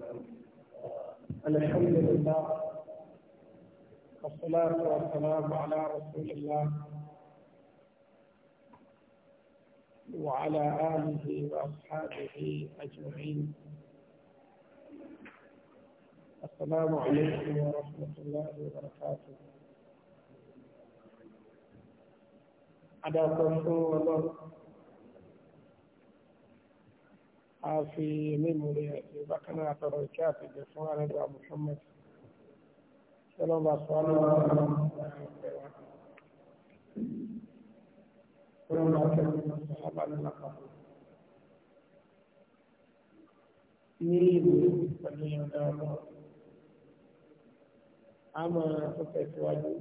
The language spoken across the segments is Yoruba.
الحمد لله والصلاة والسلام على رسول الله وعلى آله وأصحابه أجمعين السلام عليكم ورحمة الله وبركاته أدعوكم الله àfi mímú rẹ̀ àti bákan náà àtọ̀rọ̀ ìkẹ́ àtẹ̀jẹ̀ fún àrẹ́gbà Muhammad sọlọ́ba sọ́ọ́lá sọlọ́ba sọ́ọ́lá sọ́ọ́lá lọ́kàn. ní ìlú pẹ̀lú ìyọ̀nda ọlọ́ a máa tó tẹ̀síwájú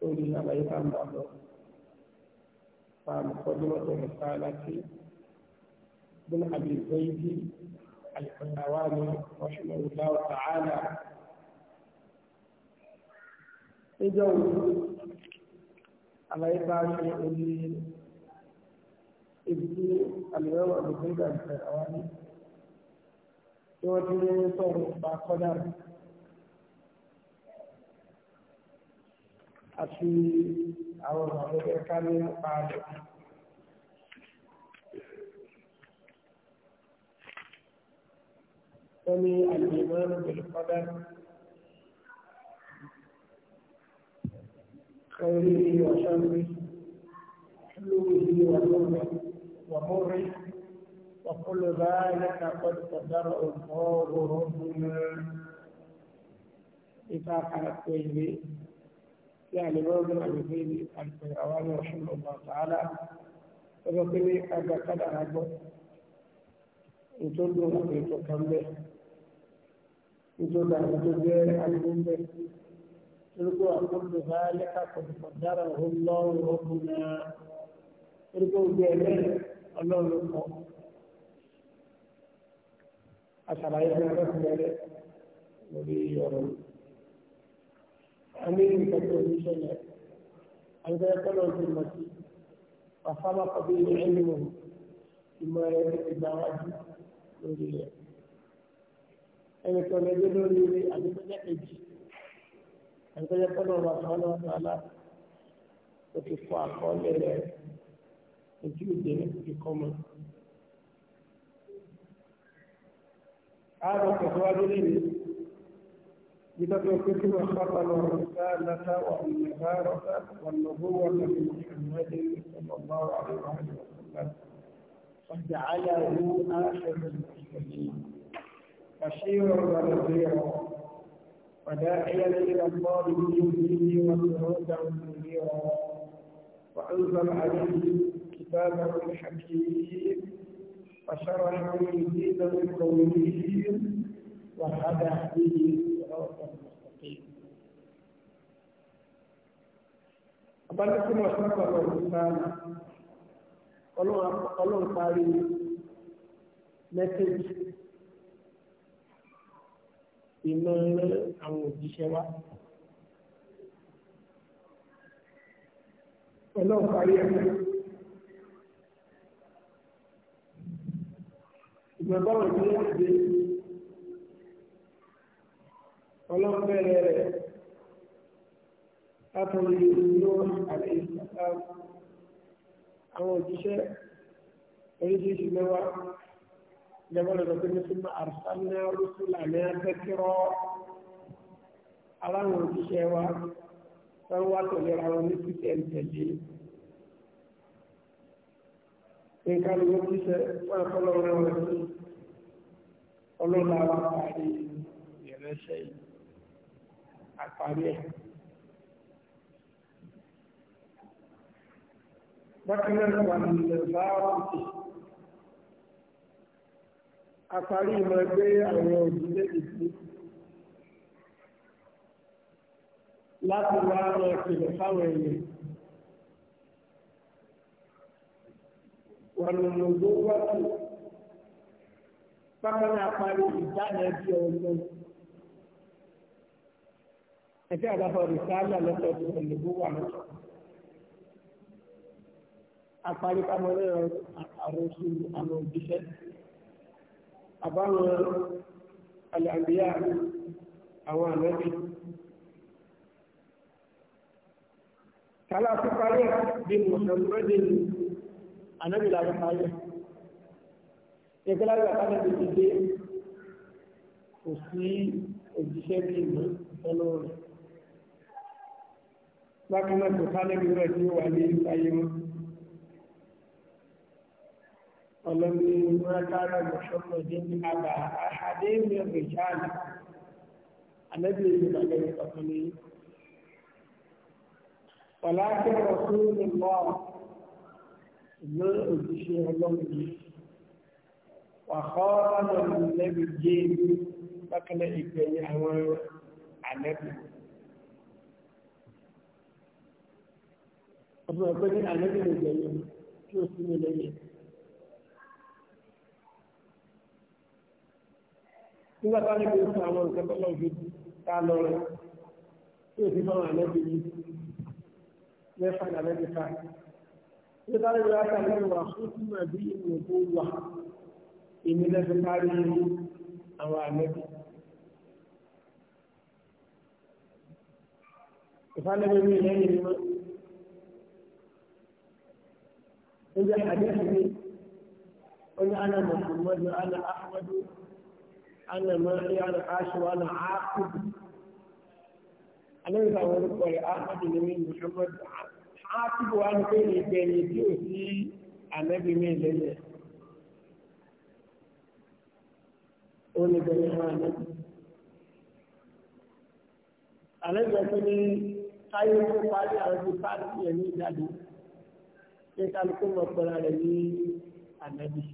lórí àlàyé tá à ń bá lọ fa àmì kọjú lọ́tọ̀ nípa láti. بن أبي الزيد الحلواني رحمه الله تعالى إذا على يبعث يقول ابن اليوم أبي الزيد الحلواني يوجد صور مع قدر أتي أو ما هو كان يقتني الإيمان بالقدر خيره وشره حلوه ومره ومره وكل ذلك قد قدره الله ربنا إطاقة التجري يعني موضوع المفيد الفيروان رحمه الله تعالى وبقي قد قدر nítorí lóun àti ètò kan bẹ́ẹ̀ nítorí àwọn tó jẹ́ àdúgbò bẹ́ẹ̀ torípé àkókò bá lẹ́ka kọ̀ọ̀kọ̀ dára òun lọ́rùn ọ̀gbìn náà torípé ojú ẹ̀rẹ́ ọlọ́run kọ́ àṣàlàyé fún ọlọ́kùnrin lórí ọ̀rọ̀ yìí. a ní ìtọ́jú oníṣẹ́lẹ̀ àgbẹ̀ kọ́lọ̀ ti mọ̀ sí wàhálà kọ̀ọ̀bí ẹ̀yìn mọ̀ ìmọ̀ ẹ̀rẹ́ ti gbà wájú. lórí rẹ̀ ẹni tó lè gbé lórí rẹ̀ àdúgbò kejì ẹni tó yẹ kọ́nà wà sọ́nà ọ̀tàlá ó ti fọ àkọọ́lẹ̀ rẹ̀ ojú ìdè ti kọ́ mọ́. àrùn tẹ̀síwájú lẹ́yìn بسبب كتب خطل الرسالة والنبارة والنبوة من محمد صلى الله عليه وسلم وجعله آخر المسلمين بشيرا ونذيرا وداعيا إلى الله بإذنه وسرودا منيرا وأنزل عليه كتابه الحكيم وشرح به دين قويم وهدى به صراط مستقيما أبلغكم وشكر الإنسان ọlọ́run parí mẹ́sẹ̀jì iná àwọn òjíṣẹ́ wa. ọlọ́run parí ẹ̀mọ́. ìgbà báwọn tí wọ́n ti dé ọlọ́run bẹ̀rẹ̀ rẹ̀ látọ̀rí ìlú àti ìsàkáàbù àwọn òjíṣẹ́ oríṣiríṣi mẹ́wàá lẹ́wọ́n lọ́dọ̀ pé nítorí àrùsálẹ́ rúṣùlà ní abẹ́kẹ́rọ́ aláwọn òjíṣẹ́ wa wọ́n wá tẹ̀léra wọn ní títẹ̀ǹtẹ̀lé nǹkan ló ti sẹ fún ọlọ́run rẹ sí ọlọ́run àwọn àpárí ìrẹsẹ̀ bákan náà wà ní ilẹ̀ báwọ̀tì àparí ìmọ̀ ẹgbẹ́ àwọn òjìlẹ̀ ìdí láti wá àwọn ìpìlẹ̀ fáwọn èèyàn wà ní ọmọdé wọ́pù bákan náà parí ìdáná bí ọgbọ́n ẹgbẹ́ àdáfọ̀ rìsáálà lọ́sọ̀tún ọ̀lẹ́gbọ́wà lọ́sọ̀tún àparípamọ́ lẹ́yìn àwọn oṣù àwọn òjíṣẹ́ àbáwọn alàbíyà àwọn àlẹ́bí kálá tó parí bí mọ̀sánmọ́dín ànábì láti parí ìpínlẹ̀ àtàlẹ́bí ti dé kò sí òjíṣẹ́ bí ìmọ̀ tọ́lọ́ rẹ̀ bákan náà kò sálẹ́bí rẹ̀ ولم ما كان محمد أبا أحد من الرجال النبي صلى الله عليه وسلم ولكن رسول الله يؤذي الله وخاطب النبي الجيد فكان إبنه النبي أبو أبني النبي الجيد شو اسمه النبي nígbà tá ní kò fún àwọn nǹkan tó lọ́wọ́ fi ká lọ rẹ̀ tí òsì máa wà lẹ́bi yìí mẹ́fà ní alẹ́ ti ká. Ṣé tá lórí wákà lẹ́nu wà fún tí mà bí ìwò tó wà èmi lẹ́fẹ̀ kárí àwọn àlẹ́bi. Ìfàlẹ́bí mi lẹ́yìn ni wọ́n. Ó jẹ́ àdéhùn mi. Ó ní Ana Mùsùlùmọ́dù, Ana Ahmadu, ana mali ana aṣọ ana aákù alẹ́rìí àwọn orúkọ rẹ̀ ahmadu nimi muhammadu aákù wa ní pé ní ìgbẹ̀yìn tí ò sí ànábì mi lẹ́lẹ̀ ó ní bẹ̀rẹ̀ hàn ànábì àlejò tó ní táyé tó parí àwọn ti parí ẹ̀ ní ìjáde ní kálukú mọ̀ pẹ̀lú rẹ̀ ní ànábì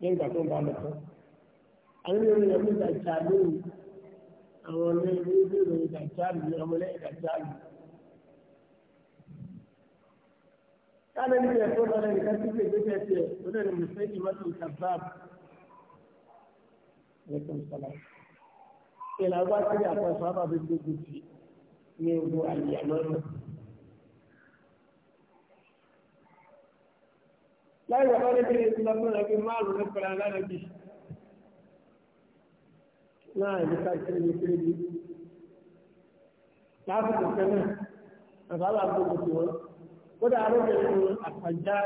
nígbà tó ń bá lọ tán àwọn ènìyàn ní ìdàjà lónìí àwọn ọmọ ẹgbẹ́ ìbéèrè ìdàjà lónìí ọmọlẹ́yìn ìdàjà lónìí. Káàdé ní ìyẹn tó lọ́lẹ́ nìkan tí kìí gbéṣẹ́ tiẹ̀ tó lè ní mùsùlùmí kì máa tó ń kàbáàbù. Ẹ̀kọ́ ìsọ̀lá. Ìlà wá sí àpò ẹ̀fọ́ àbábí gbogbo sí ní ogun àyè àmọ́nà. Láyé wà lọ́lẹ́ bí ìlú lọ́gbọ́n láàrin káàkiri ní kéréjì lásìkò kẹ́nà àbábà gbogbo tí wọ́n kódà arúgbìnrin wọn àpàjá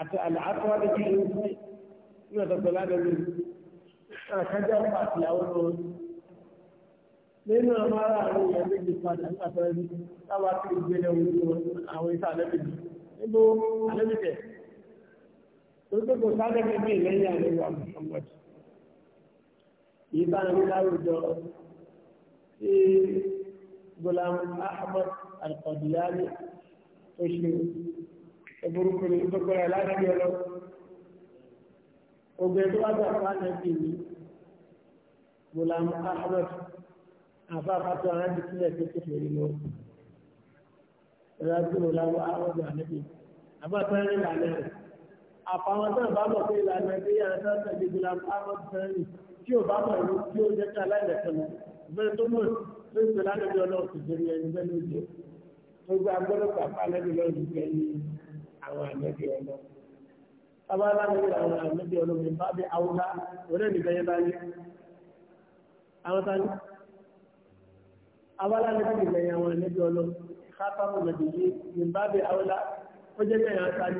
àti àlàáfíà wọn kí ló ń fún ní ọ̀dọ́gbọ̀ ládọ́gbìn àkájá pa àtìyàwó wọn nínú àwọn ará àwọn èèyàn méjì padà nígbà tó ẹni táwa tí ó gbé lẹ́wọ̀n nínú àwọn iṣẹ́ àlẹ́bìnrin níbo àlẹ́bìtẹ̀ tó tó kò sáré bíbí lẹ́yìn àlẹ́wà Muhammad يبان أبو داود في غلام أحمد القدياني تشمي بروكلي بكرة لا تجيلو وبيتو هذا كان فيني غلام أحمد أفاق أتوان بكلة تشميلو رأيت غلام أحمد عن فيني أما ثاني لا نعرف أفاق أتوان بابا كي لا نعرف يعني ثاني غلام أحمد ثاني tí ò bá mọ̀ ìlú tí ó jẹ́ kí aláìlẹ̀kẹ́ mọ́ ìbẹ̀rẹ̀ tó mọ̀ tó ń pè lálẹ́bí ọlọ́run ti jẹ́rí ẹni bẹ́ẹ̀ lóde tó gba agbọ́dọ̀ pàpà lẹ́bí lọ́run ti jẹ́ ní àwọn àmẹ́bí ọlọ́run. sábà lábẹ́bí àwọn àmẹ́bí ọlọ́run bá bí awúlá òun ẹ̀mí bẹ́yẹ láyé. àwọn tani abala lẹ́bí bẹ́yẹ àwọn àmẹ́bí ọlọ́run kápákó lẹ́bí yé ní bá bí awúlá ó jẹ́ bẹ́yẹ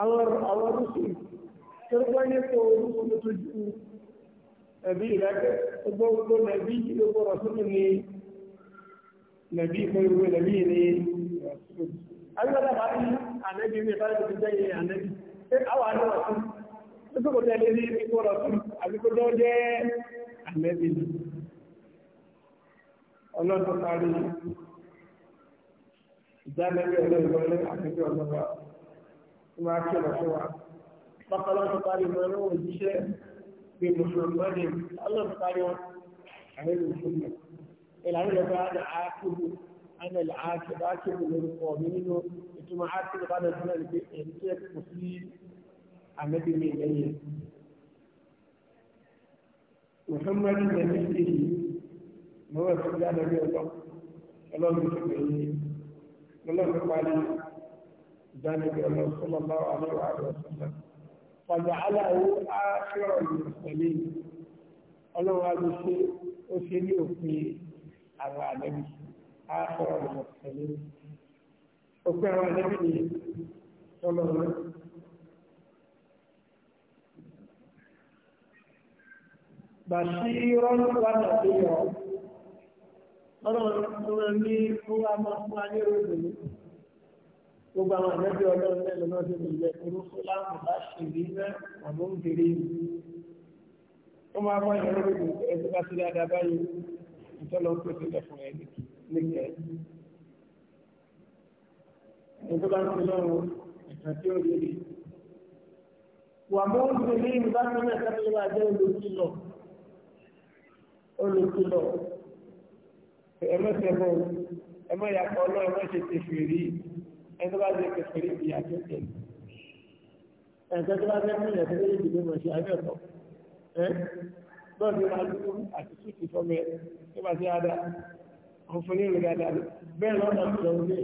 àwọn rúṣù tẹ́lẹ̀kọ́ yẹ kó rúṣù tó tó ju ẹ̀bí ìdákẹ́ ọgbọ́ gbogbo nàbí gbogbo rọ̀sùlù ni nàbí fún ìwé nàbí ni rọ̀sùlù. Àgbàdà bá ní ànábì mi báyìí ti jẹ́ yẹn ànábì. Ṣé àwọn àná rọ̀sùlù? Ṣé kò tẹ̀lé ní ipò rọ̀sùlù? Àbí kò tó jẹ́ ànábì ni? Ọlọ́run parí ìdánilẹ́gbẹ̀ẹ́ ọlọ́run lọ́lẹ́ àti ọlọ́run ما كان هو فقال تعالى ما هو الشيء في مشروعه الله تعالى عين الحمى العين بعد عاقب أنا العاقب عاقب من القوامين ثم عاقب بعد ذلك بإنسة مسلم عمدي من أي محمد بن مسلم ما هو سبحانه وتعالى الله يسلمه الله يسلمه ذلك أنه صلى الله عليه وآله وسلم فجعله آخر المرسلين ọlọ́run á lè ṣe ó ṣe ní òfin àwọn àlẹ́bí áṣọ ọ̀rọ̀ pẹ̀lú òfin àwọn àlẹ́bí ni ọlọ́run bàṣírọ́ lọ́nà tó yọ ọlọ́run tó rẹ̀ ní fúnra mọ́ fún ayé rẹ̀ lónìí gbogbo àwọn ànábì ọlọ́run náà lọ́nà tó ti jẹ irúfẹ́ láàmú bá ṣe rí náà àmọ́ ń bèrè wọ́n máa bá ìyàwó rẹ̀ lò ẹgbẹ́ bá ti rí adá báyìí ìtọ́lọ́ tó ti lẹ̀ fún ẹ níkẹ́ ẹgbẹ́ bá ń pè lọ́rùn ẹ̀ka tí ó lè rí wà mọ́ ń bèrè ní bá náà kábílẹ̀ bá jẹ́ olùkìlọ̀ olùkìlọ̀ ẹ̀mẹ́sẹ̀ bọ̀ ẹ̀mẹ́ yàtọ̀ ọlọ́run ẹni tó bá jẹ kẹfẹ́rí ìyá tó jẹ ẹ̀ka tó bá fẹ́ mú ìyá tó jẹ ìdìbò mọ̀ ṣe àbẹ̀ ọ̀tọ̀ ẹ bọ́ọ̀ ni máa dúró àti súùtì fọmọ ẹ tó bá ti ada òun fún yín lọ́dà dáadé bẹ́ẹ̀ lọ́nà ìjọ òun lè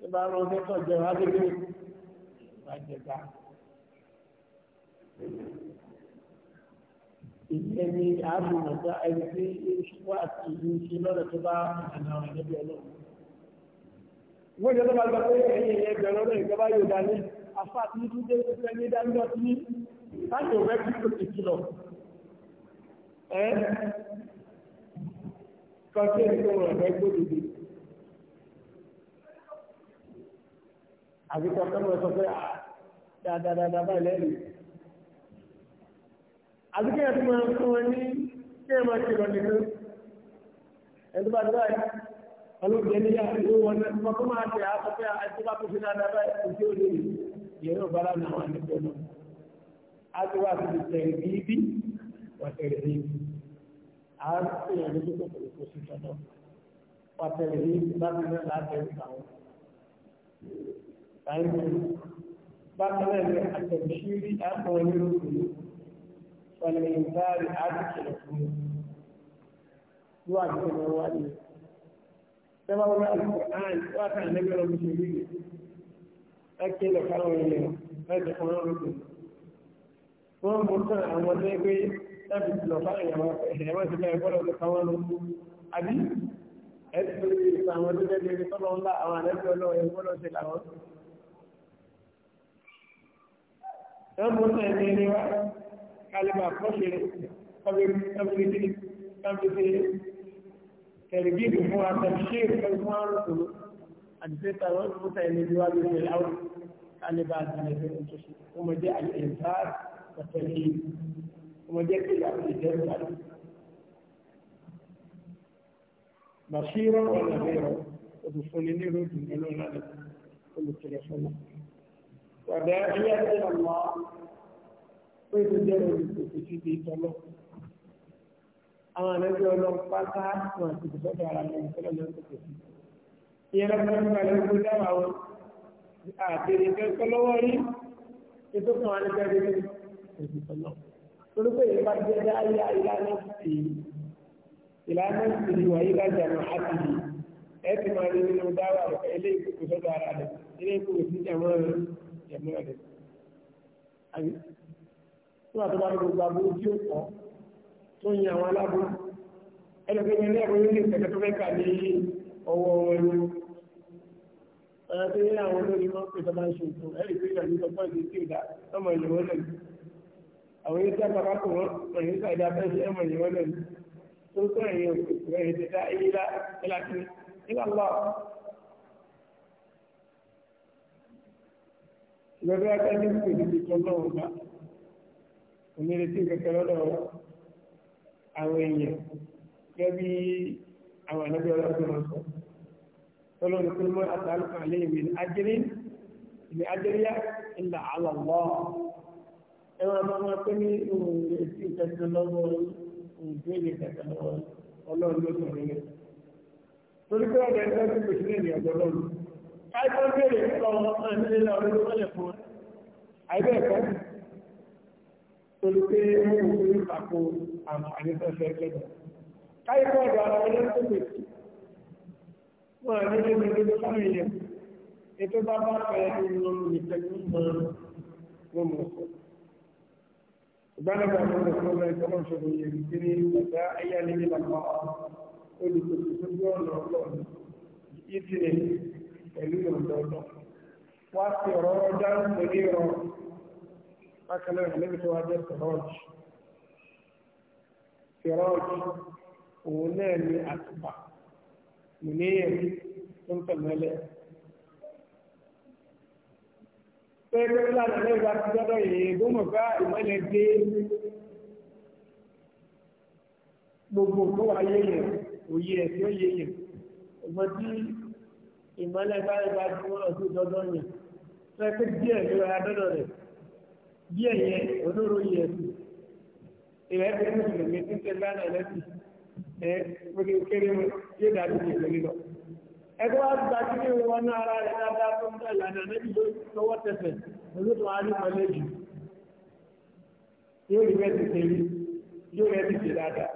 tó bá rán ọdún tó jẹ wá dégbé wá jẹ gbà. ìyẹn ni àbùmọ̀ta ẹni tí ó wà sí ìṣe lọ́dọ̀ tó bá àná ẹ̀dẹ́bí ọlọ́run wọ́n jẹ́ tó bá gbọ́ pé ẹ̀yìn ẹ̀yẹ bẹ̀rẹ̀ ọdún ìjọba yóò dání afá tí tún dé tó fẹ́ ní dáńdọ́ tí láti òfẹ́ kí tó ti kìlọ̀ ẹ́ kan sí ẹni tó rọ̀ ẹgbẹ́ gbòdòdò àbíkọ kẹ́mọ̀ sọ pé dáadáa báyìí lẹ́yìn àbíkẹ́ ẹ̀ tó máa fún ẹ ní kí ẹ máa kìlọ̀ nìkan ẹ̀ tó bá dúró ọlọ́gbẹ́ níyà ló wọn náà kọ́ tó máa tẹ̀ àtọ́ pé àti bá tó fi náà dábàá ìdí òde yẹ̀rọ bala náà wà nípò náà a ti wá síbi tẹ̀lé bíbí wàtẹ̀lé bíbí a ti yàn ní kókó kò sí tọ́tọ́ wàtẹ̀lé bíbí bákan náà látẹ̀lé àwọn báyìí bákan náà ní àtẹ̀sírí àpọ̀ nínú ìlú wàlẹ̀ ìbáàrí àti kìlọ̀ fún mi wọ́n àti tẹ́wọ́ wọn alukur'an wá ká ànábì ọ̀rọ̀ mùsùlùmí ni ẹ ké lọ káwọn èèyàn láti fún wọn lókun wọn mú tán àwọn tó gbé láti lọ káwọn èèyàn wọn ti bẹ́ẹ̀ gbọ́dọ̀ lọ káwọn lókun àbí ẹ ti fi ìfà àwọn tó dẹ́gbẹ́ ní tọ́lọ́ ńlá àwọn ànábì ọlọ́wọ́ ẹ gbọ́dọ̀ ṣe làwọn. wọn mú tán ẹni ẹni wá kálíbà ترغيب هو تبشير المال أجزيت الموتى لجواب في الأول كان بعد من الأنفس ثم جاء الإنفاق والترهيب ثم جاء الإجابة بشيرا ونذيرا ودخولني رد من الأولاد كل التلفون وداعية إلى الله ويتجرد في سيدي الله àwọn àlejò ọlọ́pàá wọn ti sọ́dọ̀ ara ní ìṣẹ́lẹ̀ lọ́sọ̀ tó sí. ìyẹn lọ́pàá ń gbà lọ́wọ́ dáwà wọn àti ìfẹ́ lọ́wọ́ rí ètò kan wọn nígbà gbé òṣìṣẹ́ náà. torí pé ìyẹn bá jẹ́ dáyà ìlànà sí ìlànà sí ìwà yìí lájà náà á ti yìí ẹ ti máa rí nínú dáwà rẹ̀ ilé ìkókò sọ́dọ̀ ara rẹ̀ ilé ìkókò sí jẹ̀mọ́ rẹ̀ jẹ̀mọ́ rẹ̀. àbí tí wàá tó bá ní gbogbo àbúrò tí ó kọ́ tó yin àwọn aláboyún ẹlẹ́gbẹ̀ẹ́ ní ẹlẹ́gbẹ̀ẹ́ ní ìpẹ̀kẹ́ tó fẹ́ kà ní ọwọ́ wọn ni ọ̀rọ̀ tó yẹ àwọn olórí máa ń pè tó máa ń ṣe ètò ẹ̀rí pé ìyàwó sọ fún ìdí tí ò dá ọmọ ìyàwó lẹ́nu àwọn yìí tí a bàbá kò wọ́n ọ̀rọ̀ yìí sàdá fẹ́ ṣe ọmọ ìyàwó lẹ́nu tó tó ẹ̀yìn òkú ẹ̀yìn ti dá ẹ̀lá sí ní ìpèsè lọ́dọ̀ àwọn èèyàn gẹ́bí àwọn ànábì ọlọ́dún máa sọ tọ́lọ́dún kúrò mọ́ àtàlùkù àléèwé ní ajẹ́rí ní ajẹ́ríyá ilà àlọ́lọ́ ẹwà máa pé ní ohun ètí ìtẹ́sí lọ́wọ́ ohun tó yẹ kẹta lọ́wọ́ ọlọ́run ló sọ̀rọ̀ rẹ̀ torí pé ọ̀dọ̀ ẹgbẹ́ tó pèsè torí pé wọ́n ń fi àpò àǹfààní fẹ́fẹ́ lẹ́nu. káyọ̀kọ́ ọ̀dọ̀ àwọn ọlọ́sọ̀gbẹ̀ wọn à ní lẹ́nu lórí fáwọn èèyàn ètò bá bá fẹ́ lọ nìkan ní mọ wọn mọ̀ sọ. ìbánidà àwọn ọ̀dọ́ ọ̀dọ́ ìtọ́nà tó gbé ọ̀nà ọlọ́run ìdílé pẹ̀lú ọ̀dọ́ ọlọ́run wá sí ọ̀rọ̀ ọjà pẹ̀lú ìrọ̀rùn bákan náà níbi tó wá jẹ́ siraj siraj òun náà ní àtùpà mùníyàn tó ń tẹ̀mẹ́lẹ́ pẹ́ẹ́pẹ́ láti lẹ́gbàá ti dọ́dọ̀ yìí gómọ̀gá ìmọ̀lẹ̀ dé gbogbo tó wà yéèyàn òye ẹ̀ tí ó yéèyàn ọgbọ́n tí ìmọ̀lẹ̀ bá yẹ bá dúró ọdún dọ́dọ̀ yẹn pẹ́ẹ́pẹ́ díẹ̀ ló ra rẹ̀ bí ẹ̀yẹ olóró yẹ ẹ̀sìn ìrẹ́ bí mùsùlùmí tí ń tẹ̀lé àná ẹlẹ́sìn ẹ pé kéré mu yóò dàbí ìṣẹ̀lẹ̀ lílọ. ẹgbẹ́ wa gba kí ní wọn náà ara rẹ̀ dáadáa tó ń tẹ̀ lánàá níbi ló lọ́wọ́ tẹ̀sẹ̀ olóòtú wa ní wọlé jù yóò rí bẹ́ẹ̀ ti tẹ̀lé yóò rẹ̀ ti tẹ̀ dáadáa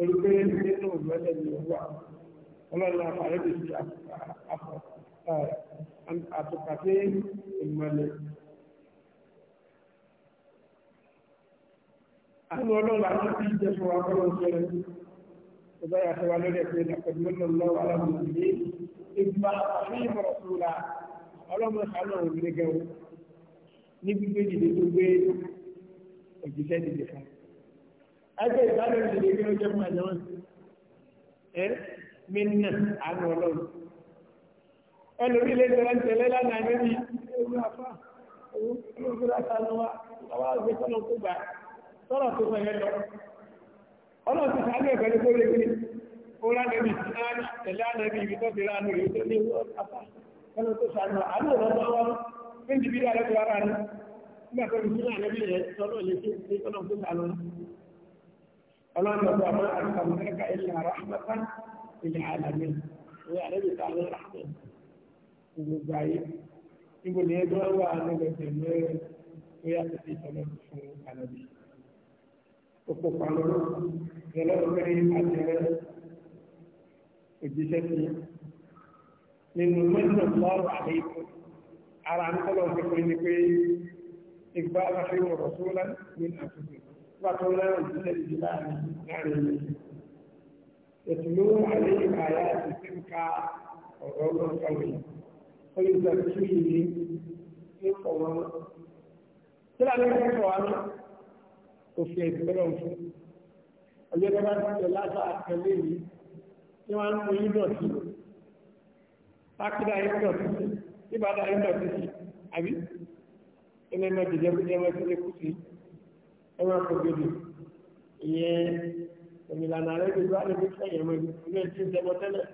olùgbé nínú ìmọ̀lẹ̀ ní owó ọlọ́run àfàrẹ́ bèèrè àtùkàtẹ́ ìmọ̀lẹ̀. àánú ọlọ́run àti tí jẹ́ fún wa kọ́lọ́ sọ́rọ̀ ọba yàtọ̀ wa lọ́dẹ̀ pé nàkọ̀dù mọ́nà lọ́wọ́ alámùsùlẹ̀ ìgbà àfihàn mọ̀rọ̀ fúnra ọlọ́run sànà òun ní gẹ̀wọ́ ní gbígbé dìde tó gbé òjíṣẹ́ dìde fún. ẹgbẹ́ ìbálẹ̀ dìde kí ló jẹ́ fún àjọ wọn ẹ mi nà àánú ọlọ́run ẹlòmí lè tẹ̀lé tẹ̀lé lánàá níbi ewu àfà ewu kúrò kúrò àtàlọ́wà lọ́wọ́ àgbẹ̀kọ́lọ́ kó gbà á. sọ́rọ̀ tó sọ yẹn lọ ọlọ́run ti sàánú ẹ̀fẹ́ ní kóre kí ni ó ránẹ́bí ibi tó ránú rẹ̀ tó ní ọ̀pá ẹnu tó sàánú àánú ọ̀rọ̀ lọ́wọ́ ní ìdíbí rẹ̀ tó ara rẹ̀ nígbà tó ti sí ánẹ́bí rẹ̀ sọ́rọ̀ òpó pàlọ́rọ́ ìrọ̀lọ́pẹ̀rẹ̀ àtẹ̀rẹ́ òjíṣẹ́ sí nínú mẹ́rin lọ́rọ̀ àlékún ara ń tọ́lọ̀ fi pé ní pé ìgbà àfẹ́ ọ̀rọ̀ tó lá ní àtúntò wà tó lára òjíṣẹ́ sí láàrin ilẹ̀ ètùlú àlẹ́ ìkàyà àti tí ka ọ̀rọ̀ ọlọ́run kọ̀wé ó lè gbà tí ìlú ní ọ̀rọ̀ tí òfin ẹ̀sìn tọ́lọ̀ ń fún ọjọ́ tó bá ti tẹ̀ lábà àtẹ̀lé yìí tí wọ́n ń mú yín dọ̀tí pákídà yín dọ̀tí sí ìbàdà yín dọ̀tí sí àbí ẹni ẹmọ jẹjẹ kú jẹ ẹmọ tó lè kú sí ẹmọ àkọgbẹdẹ ìyẹn òmìnira rẹ bí wàá lè fi sẹ́yìn ẹmọ ìlú ẹtí ń tẹmọ tẹ́lẹ̀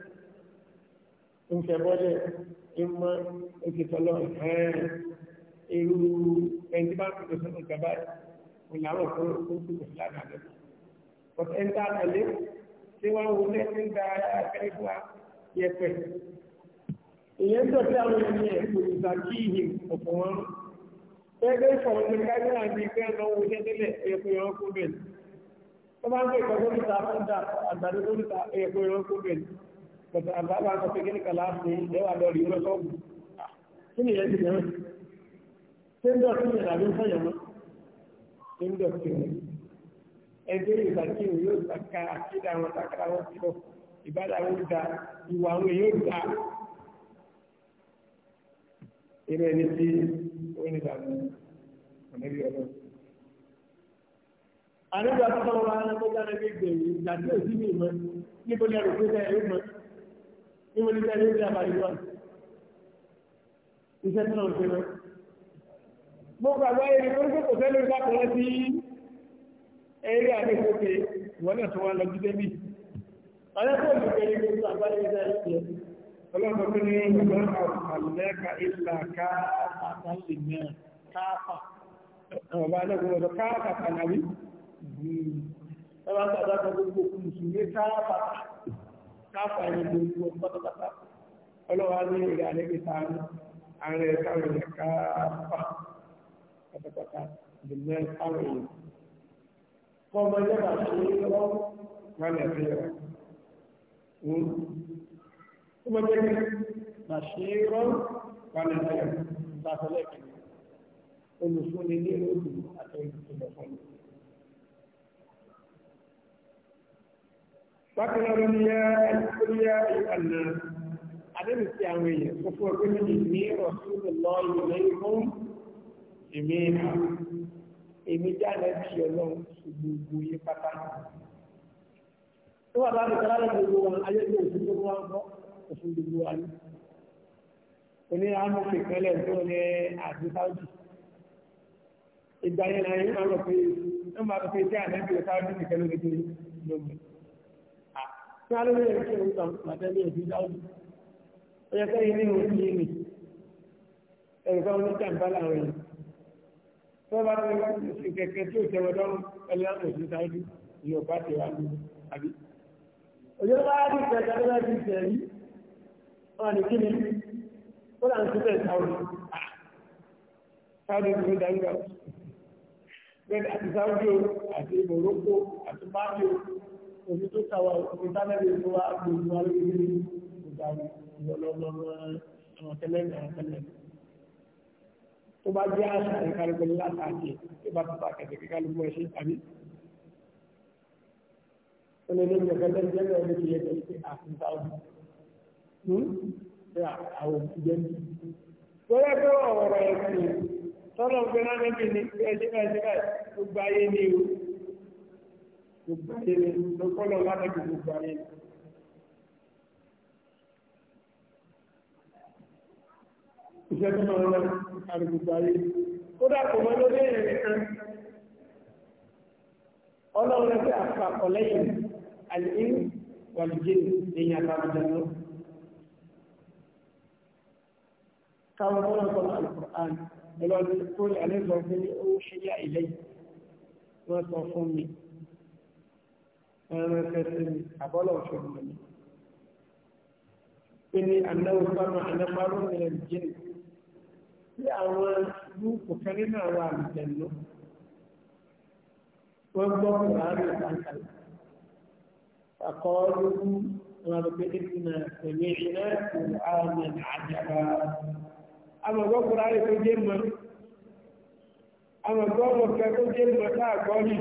ń fẹbọlẹ ìmọ òkè tọlọ ẹẹ irú ẹni tí bá ń ìyàwó tó ń kú ìsìlámù àgbẹ̀bọ̀. bọ́tẹ́ ń dá àtẹ̀lé tí wọ́n ń wọlé tí ń da akẹ́rẹ́ fún wa yẹpẹ̀. ìyẹn tó fi àwọn ènìyàn kò ní sàkí ìhìn ọ̀pọ̀ wọn. gẹ́gẹ́ ìfọ̀rọ̀ ní kájọ́ àti ìfẹ́ lọ wo jẹ́jẹ́lẹ̀ ẹ̀kọ́ ìrọ̀ kó bẹ̀. tó bá ń gbé ìkọ́ gómìnà fúnta àgbàdo gómìnà ẹ̀kọ́ nígbà tí wọn ẹgbẹ́ ìbàdí wọn yóò taka àkídà wọn takara wọn pọ ìbádà wọn da ìwà wọn yóò da irú ẹni tí wọn ní ìdààmú ọ̀nẹ́bí ọlọ́run. àníbi àtọ́kọ́ wa ní kókó ànábi gbèrú ìgbàdí òsì mi mọ́ níbo ni ẹrù pínlẹ̀ yóò mọ́ níbo ni ẹrù pínlẹ̀ yóò di àbáyé wọn. iṣẹ́ tí wọ́n ń pè náà gbogbo àgbà èrè lórí pé kò fẹ́ lórí lápẹ̀rẹ́ sí eré àdéhùnké ìwọ náà tó wá lọ jíde bí. Àyẹ̀kọ́ ìgbẹ́ ni gbogbo àgbà èrè dá ìṣẹ́. Ọlọ́run tó ní ọ̀gbọ́n àlùmẹ́ka ìlà ká àtàlì náà káàpà. Ọba alẹ́gbọ̀n ọ̀dọ̀ káàpà kànáwí. Ọba sọ̀dọ̀ kan gbogbo mùsùlùmí káàpà káàpà ẹni gbogbo pátápátá. Ọlọ́run á ní ìrẹ̀ àlẹ́gbẹ̀ta àárín ẹ̀ka ìrẹ̀ káàpà pátápátá the men are in. kọ́ ọmọ ẹgbẹ́ bá ṣe é lọ́wọ́ wọn lè fi rẹ̀. ó mọ jẹ́ kí bá ṣe é lọ́wọ́ wọn lè fi rẹ̀ bá ṣe lẹ́kìn. olùfúnni ní olù àtẹ̀yìn ìṣẹ̀lẹ̀ fún mi. bákan náà ló ní yá ìkóríyá ìlànà àwọn èèyàn fúnfún ẹgbẹ́ méjì ní ọ̀sùn lọ́ọ̀lù lẹ́yìn fún èmi èmi jáde bí ọlọ́run gbogbo yé pátá. Níwọ̀n bá mi kọ́lá lọ gbogbo wọn, ayé ní òfin gbogbo wọn kọ́, òfin gbogbo wa ní. Oní amòfin ìpínlẹ̀ tó ní àti Sáúdì. Ìgbà yẹn náà yóò máa lọ pé yóò máa lọ pé tí àná ìbílẹ̀ Sáúdì nìkan ló dédé lómi. Ní alẹ́ ló yẹ kí òun tàn màtẹ́lẹ̀ òfin Sáúdì. Ó yẹ kẹ́yìn ní òfin yìí nì. Ẹ̀rù kan ní jàǹbá làwọn èèyàn tó bá ti sí kẹ̀kẹ́ tí ò tẹ́wọ́ lọ́rùn ẹni láti òsì sáájú ni ọ̀pá ti wá lù àbí. òjò bá rí kẹta tó bá ti tẹ̀ rí wọn ni kí ni ó là ń tún bẹ̀ sáwọ́ sáwọ́ tó dájú wa bẹ́ẹ̀ àti sáwọ́ àti Morocco àti Mali òní tó tàwa ìtànẹ́bí tó wá gbogbo alóògbé ní ìgbà ìwọlọ́lọ́lọ́ àwọn tó bá jẹ́ àṣà ìkálùkù látàkì tó bá tàbí àkàtà kíkálùkù ẹ̀ṣẹ́ tàbí onílé ìjọkẹ́lẹ́ ìjẹ́lẹ̀ ọdún hmm? ti yẹ pẹ̀lú pé àfihàn ọdún ní àwọn òbíjẹ́ ní. wọ́n pẹ́ ọ̀rọ̀ ẹ̀sìn tọ́lọ̀ gbẹ́ná níbi ní ẹ̀ṣẹ́ ẹ̀ṣẹ́ gbogbo ayé ni o gbogbo ayé ni lọ́pọ̀lọ́ látàkì gbogbo ayé ni. iṣẹ́ tó máa lọ àrùgbùgbà yìí kódà kò mọ́ lórí ẹ̀rẹ̀ nìkan ọlọ́run ẹgbẹ́ àpapọ̀ lẹ́yìn àlìyìn wàlìjì lẹ́yìn àbábọ̀dà lọ. káwọn ọmọ náà sọ̀rọ̀ alukur'an ẹlọ́dún tó lè alẹ́sọ̀ fún mi ó ṣe yá ilé wọn sọ fún mi ẹran kẹsì mi àbọ́lọ̀ fún mi. Ini annahu sama ana marun min al-jinn sí àwọn gúúpù kan nínú àwọn àlùjẹ̀lú wọ́n gbọ́ kùránì ìpàkàlà àkọọ́lù àwọn àgbẹ̀pẹ̀ ìpínlẹ̀ pẹ̀lú ìṣẹ́ kùránì àjàrà àmọ̀gbọ́ kùránì tó jẹ́ mọ́ àmọ̀gbọ́ ọ̀kẹ́ tó jẹ́ mọ́ sáà gbọ́lì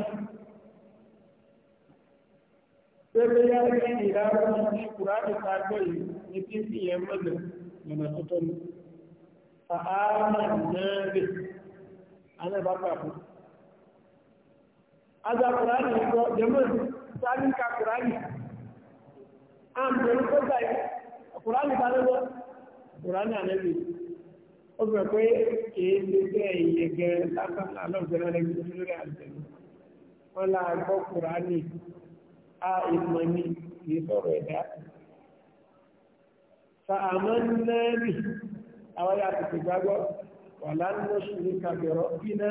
pẹ̀lú yá ní ìlànà kùránì sáà gbọ́lì ní tí ń mọ́lẹ̀ lọ́nà tó tọ́nu فآمنا به أنا بقى هذا كقرآن أم أنا بي la àwọn yà tètè gbàgbọ́ wà lánàá ṣùgbọ́n kàbẹ̀rọ iná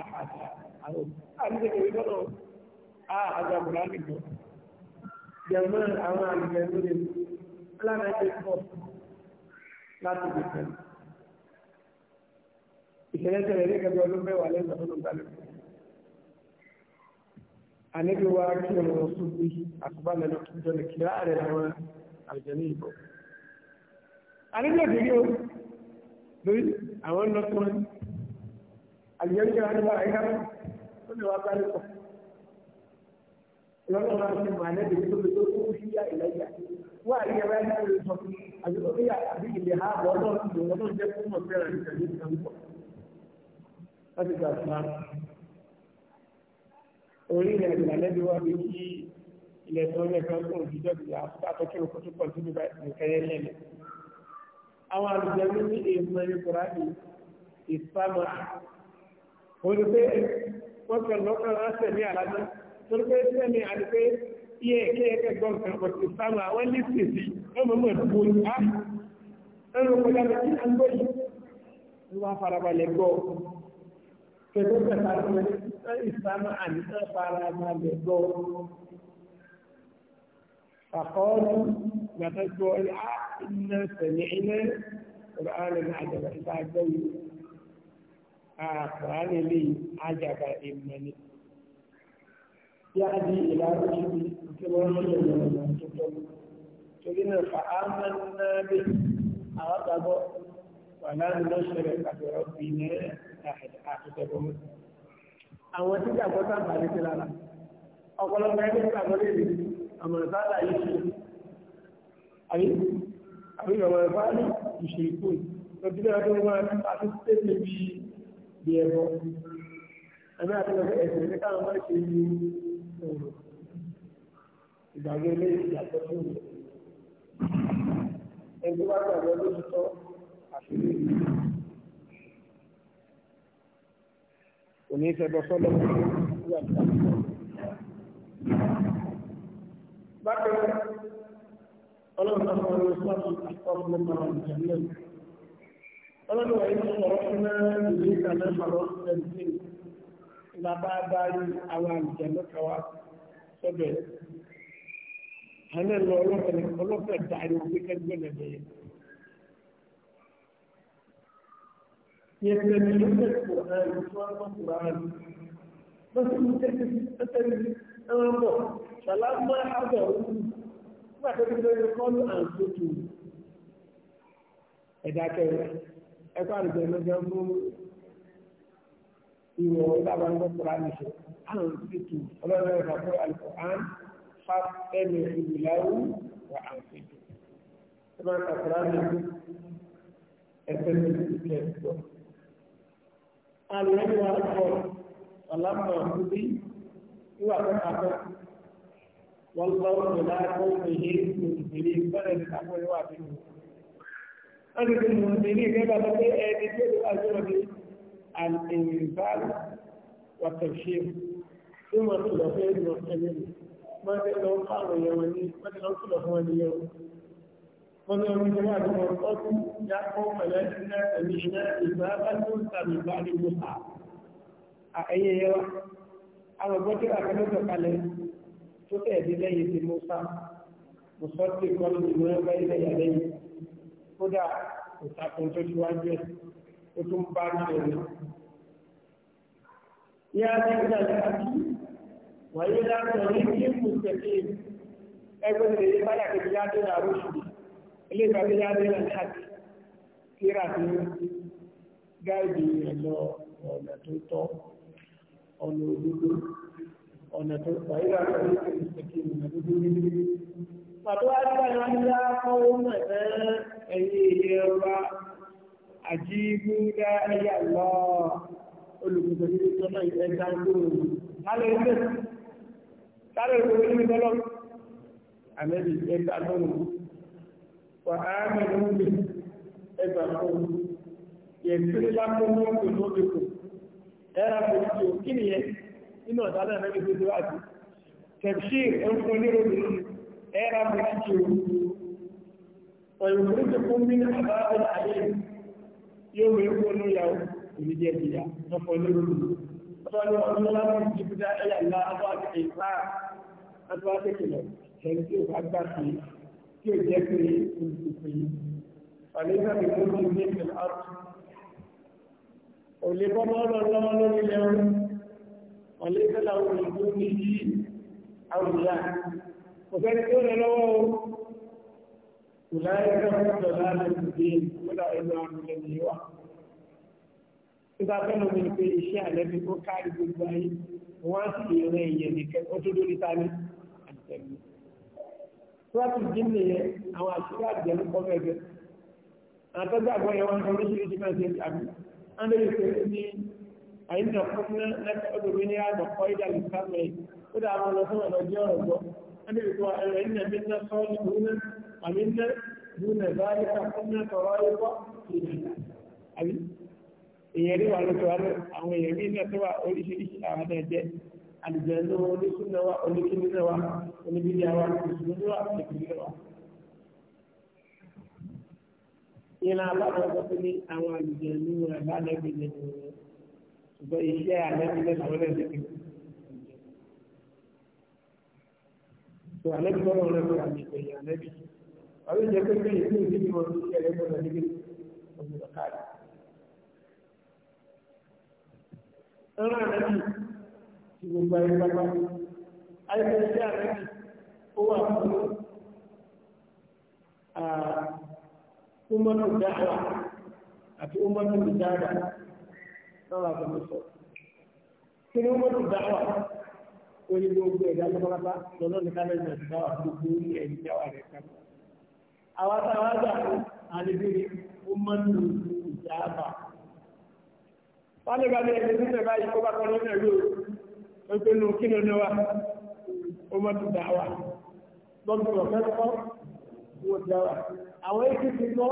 àhàdà àwọn àdìsẹ́kẹ̀ wí lọ́nà á àgbàbùrà nìkan jẹ̀mọ́ àwọn àgbẹ̀ lóde lánàá ṣe pọ̀ láti gbèsè ìṣẹ̀lẹ̀ ṣẹlẹ̀ ní kẹjọ ọdún mẹ́wàá lẹ́yìn ọdún balẹ̀ àníbi wa kí ọmọ ọsùn bí àtúbà lẹ́nu kí jọ lè kí láàrin àwọn àjẹ́ ní ìbọn àníbi òdìrí lórí àwọn lọ sí wọn àlùyẹ́ńkẹ́ wọn nípa àyíká ó lè wá parí pọ̀ lọ́nà bá ti mọ̀ àlẹ́bí tó fi tó kú sí yá ìlẹ́yà wọ́n àrí ẹ̀rọ ẹ̀dá lórí sọ àti tó yà àbí ilẹ̀ ha bọ̀ ọ́dọ̀ ìlú wọn náà jẹ́ fún ọ̀fẹ́ra ní ìtẹ̀lé ìtàn pọ̀ láti gbà fún wa orí ilẹ̀ ìlàlẹ́bí wa bí kí ilẹ̀ tó ń lẹ̀ kan fún òjijọ́ ìyá àtọ́kẹ́rù kó tó pọ̀ sí nípa ìkẹyẹ lẹ́lẹ̀ àwọn àlùjẹ̀mí ní èèmọ̀ ẹni kùránì ìsámọ̀ òní pé wọ́n kàn lọ́kàn ránṣẹ́ ní àlájọ́ torí ṣẹ́ ni àti pé iye ẹ̀kẹ́ ẹ̀kẹ́ gbọ́n kan kò sí sámọ̀ àwọn lísì sí wọ́n mọ̀ mọ̀ ìdúgbò ní á ẹnu kọjá lọ sí àgbọ̀ yìí wọ́n farabalẹ̀ gbọ́ pẹ̀lú pẹ̀lú àwọn ìsámọ̀ àti farabalẹ̀ gbọ́ gbàtẹ́ gbọ́ iná na iná kùránì ní àjàbà ìta gbẹ́wì kùránì lè àjàbà ìmọ̀ni. Yáà di ìlànà ìbí tí wọ́n ń lò lọ́nà tó tọ́lú. Torí náà fa ámà náà bẹ̀ àwọn àbí àbí ìrọ̀mọ̀ ẹ̀fọ́ ní ìṣèkú lọ́dúnlẹ̀ ọdún wọn àti tẹ́sí bí bí ẹ̀rọ ẹ̀mí àti ọ̀fẹ́ ẹ̀sìn ní káwọn máa ṣe ní ọ̀rọ̀ ìgbàgbé ilé ìyàtọ̀ sí òun ẹni tó bá gbàgbé lójútọ́ àṣírí òní ìṣẹ̀bọ̀ sọ́lọ́ ọlọ́run náà wọ́n lọ sáàtì àkọ́kọ́ mọ́ta àjẹ́lẹ̀ ọlọ́run wà ní ọ̀rọ̀ fúnná ìlú ìkàlẹ̀ ọ̀rọ̀ ẹ̀sìn ìgbà bá bá rí àwọn àjẹ́lẹ̀ kọwa sọ́bẹ̀ ẹ̀lẹ́ lọ ọlọ́fẹ̀ dárí òkú kẹgbẹ́lẹ̀ bẹ̀yẹ yẹtẹ ní ló fẹ́ kó ẹni tí wọ́n kọ́ kúrò án lọ́sọ̀rọ̀ tẹ́tẹ́ ẹ̀wọ̀n bọ̀ ṣàlámà àbọ̀ òkú nígbà tó ti lórí kọ́lù àǹtòtò ẹ̀dá kẹrẹ ẹ̀kọ́ àrùjọ lọ́jọ́ fún ìwọ̀ ìdábà ń gbọ́kùnrin àmìṣẹ́ àǹtòtò ọlọ́run ẹ̀dá fún alùpùpù fa ẹnu ìlúláwù wà àǹtòtò ẹ máa ń ní ìkẹ́ ẹ̀kọ́. àlùyẹ́ni wa wọ́n lọ sí láàrín òmìnirí òmìnirí bẹ́rẹ̀ ní àwọn ìwà bí i wọ́n ti fi òmìnirí gẹ́gbà tó pé ẹni tí ó wájú rẹ̀ ní àìrìnbáàlù wàtẹ̀ṣe tí wọ́n ti lọ fẹ́ ìlú ọ̀sẹ̀lẹ̀ ní wọ́n ti lọ fáwọn èèyàn wọn ní wọ́n ti lọ sílọ̀ lọ fún tó tẹ̀lé lẹ́yìn ti Musa mùsọ́tì kọ́lù ìlú ẹgbẹ́ ilẹ̀ yàlẹ́yìn kódà ìtàkùn tó ti wájú ẹ̀ tó tún bá jẹ́ ní. Yá ti gbà láti wáyé láti rí kí mú pẹ̀lú ẹgbẹ́ ilẹ̀ yìí báyà kí yá dé ra rúṣù ilé ìgbà tí yá dé láti kíra ní gáàdì ẹ̀lọ́ ọ̀nà tó tọ́ ọ̀nà òdodo. ọ̀nà tó pàíra orílẹ̀ ìsìnkú ìrìnà dúdú nílé. Pàtó àgbàrá ńlá kọ́wọ́ mẹ́ta ẹ̀yẹ ìyẹ̀wà àjíbú dá ẹ̀yà lọ olùgbòsò nílé Àmẹ́bí lọ́rùn. Wà á mẹ́rin fún lápò kò. nínú ọ̀dá náà lẹ́bí gbogbo àti tẹ̀sí ẹ̀kọ́ oníròyìn ẹ̀rà mẹ́sìkì ọ̀yọ̀ oríṣi fún mi ní àbáwọ̀ àyè yóò mú ẹ̀kọ́ ní ìyàwó ìrìjẹ́ ìyá ọkọ̀ oníròyìn ọ̀tọ́ni ọdún láti jìbìdá ẹ̀yà ńlá abọ́ àti ìfà àti wá kékeré ẹni tí ó bá gbà sí وليس له من دونه أولياء وكان يقول له أولئك هم ضلال الدين ولا إمام الذي يوحى إذا كانوا من في إشياء التي تكاد بالله واسع إليه يدك وتدور ثاني الجنة Fúláàtì jíìnì yẹn àwọn àṣírí àjẹ́ ló kọ́ bẹ́ẹ̀ bẹ́ẹ̀. Àtọ́jú àgbọ̀ yẹn wọn kọ́ lóṣìṣẹ́ ti máa ṣe àbí. Wọ́n lè ṣe ní àyíká fúnná lẹ́kọ̀ọ́ obìnrin ní àgbàkọ́ ìdá ìsámẹ́ ó dá àwọn ọlọ́sọ́nà lọ́jọ́ ọ̀rọ̀ gbọ́ ẹni ìtọ́ ẹ̀rọ ìnà mínà sọ́ọ̀lì múnà àmínà múnà báyíká fúnná tọ̀rọ̀ ayébọ́ ìrìnà àbí èèyàn rí wà lókè wà àwọn èèyàn rí náà tó wà oríṣiríṣi àwọn náà jẹ àlùjẹ̀ẹ́nú onísúnà wa oníkíníṣẹ́ wa oníbíyà wa ìṣúná wa ìpínlẹ̀ wa. ìlànà àbábọ̀ tó ní àwọn àlùjẹ̀ẹ́nú rẹ̀ bá lẹ́gbẹ̀ẹ́ ṣùgbọ́n iṣẹ́ àlẹ́bí lẹ́sùn lọ́lẹ́ ìdíkì. Ṣé àlẹ́bí lọ́wọ́ rẹ̀ fún àmì ìgbẹ̀yìn àlẹ́bí? Àwọn ìjẹ́ pé bí ìlú ìdíkì wọn ti ṣe ẹ̀rẹ́ gbọ́dọ̀ nígbè ọ̀gbìn ọ̀kadà. Ẹran àlẹ́bí ti gbogbo ayé pápá. Ayẹyẹ iṣẹ́ àlẹ́bí ó wà fún ah, Umar Dawa àti Umar Dawa sọ́wọ́ àtọ́mọ́ sọ. kí ni wọ́n tún dáwà ó ní gbogbo ẹ̀dá lọ́pọ̀lọpá lọ́nà ní kálẹ̀dì àti dáwà gbogbo ní ẹ̀yìn dáwà rẹ̀ kan. àwa tá a wá gbà fún àlebèrè ó máa ń lo ìjà àbà. wọ́n lè gbàgbé ẹgbẹ́ sílẹ̀ báyìí kó bá kọ́ lọ́nà ẹ̀rọ ìpinnu kí ni ó ó máa tún dáwà. lọ́gbọ̀n ọ̀fẹ́ kọ́ wọ́n dáwà. àwọn èkìtì lọ́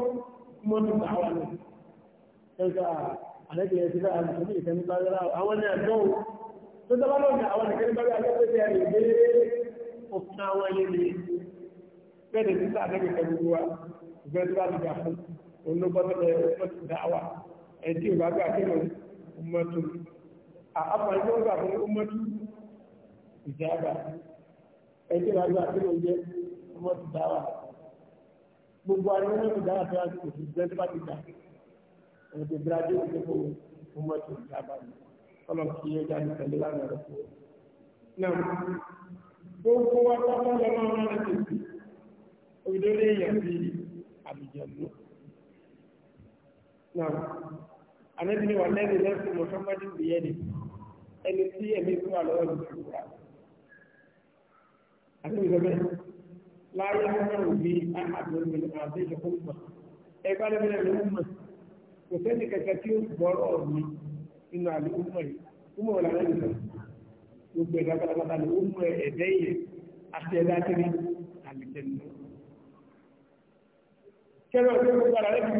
mọ́ tún dáwà lọ. àlẹ́gbẹ̀ẹ́ ti lára mùsùlùmí ìfẹ́mi bá rárá àwọn ní àjọ tó dábà lọ́nà àwọn ìkẹ́lẹ́ bá rí alẹ́gbẹ̀ẹ́ rẹ̀ gbé òfin àwọn ilé ni bẹ́ẹ̀ ti sáà lẹ́gbẹ̀ẹ́ pẹ̀lú wa ìgbẹ́ ti gbà fún olóbọ́tọ̀lẹ̀ ọ̀tí dáwà ẹ̀dí ẹni tó gbájú ní kò fún mọ́tò ìjábá mi kọ́lọ̀ kí ó jáde pẹ̀lú lánàá rẹ̀ fún un. náà gbogbo wa pátá lọ máa ń rán tètè òdò lè yàn sí àbújá náà àlejò ni wà lẹ́nu lẹ́sùn mọ̀tọ́mọ́dé bìyẹn ni ẹni tí ẹ̀mí fún àlọ́wọ́ ní ìṣòro àti ìṣòro láyé wọn náà wò ní àbẹ̀wò àbẹ̀wò ẹgbẹ́ àbẹ̀wò ẹ̀mí mọ̀ kò sẹ́ni kẹ̀kẹ́ tí ó gbọ́rọ̀ mi nínú àlè ọmọ yìí ọmọ wọn làwọn ènìyàn gbogbo ẹ̀dá pátápátá ni ọmọ ẹ̀dẹ́ yẹn àti ẹ̀dá kiri àlìjẹ̀nu. kẹ́rọ̀ ọ̀dọ́ gbogbo ara rẹ̀ mi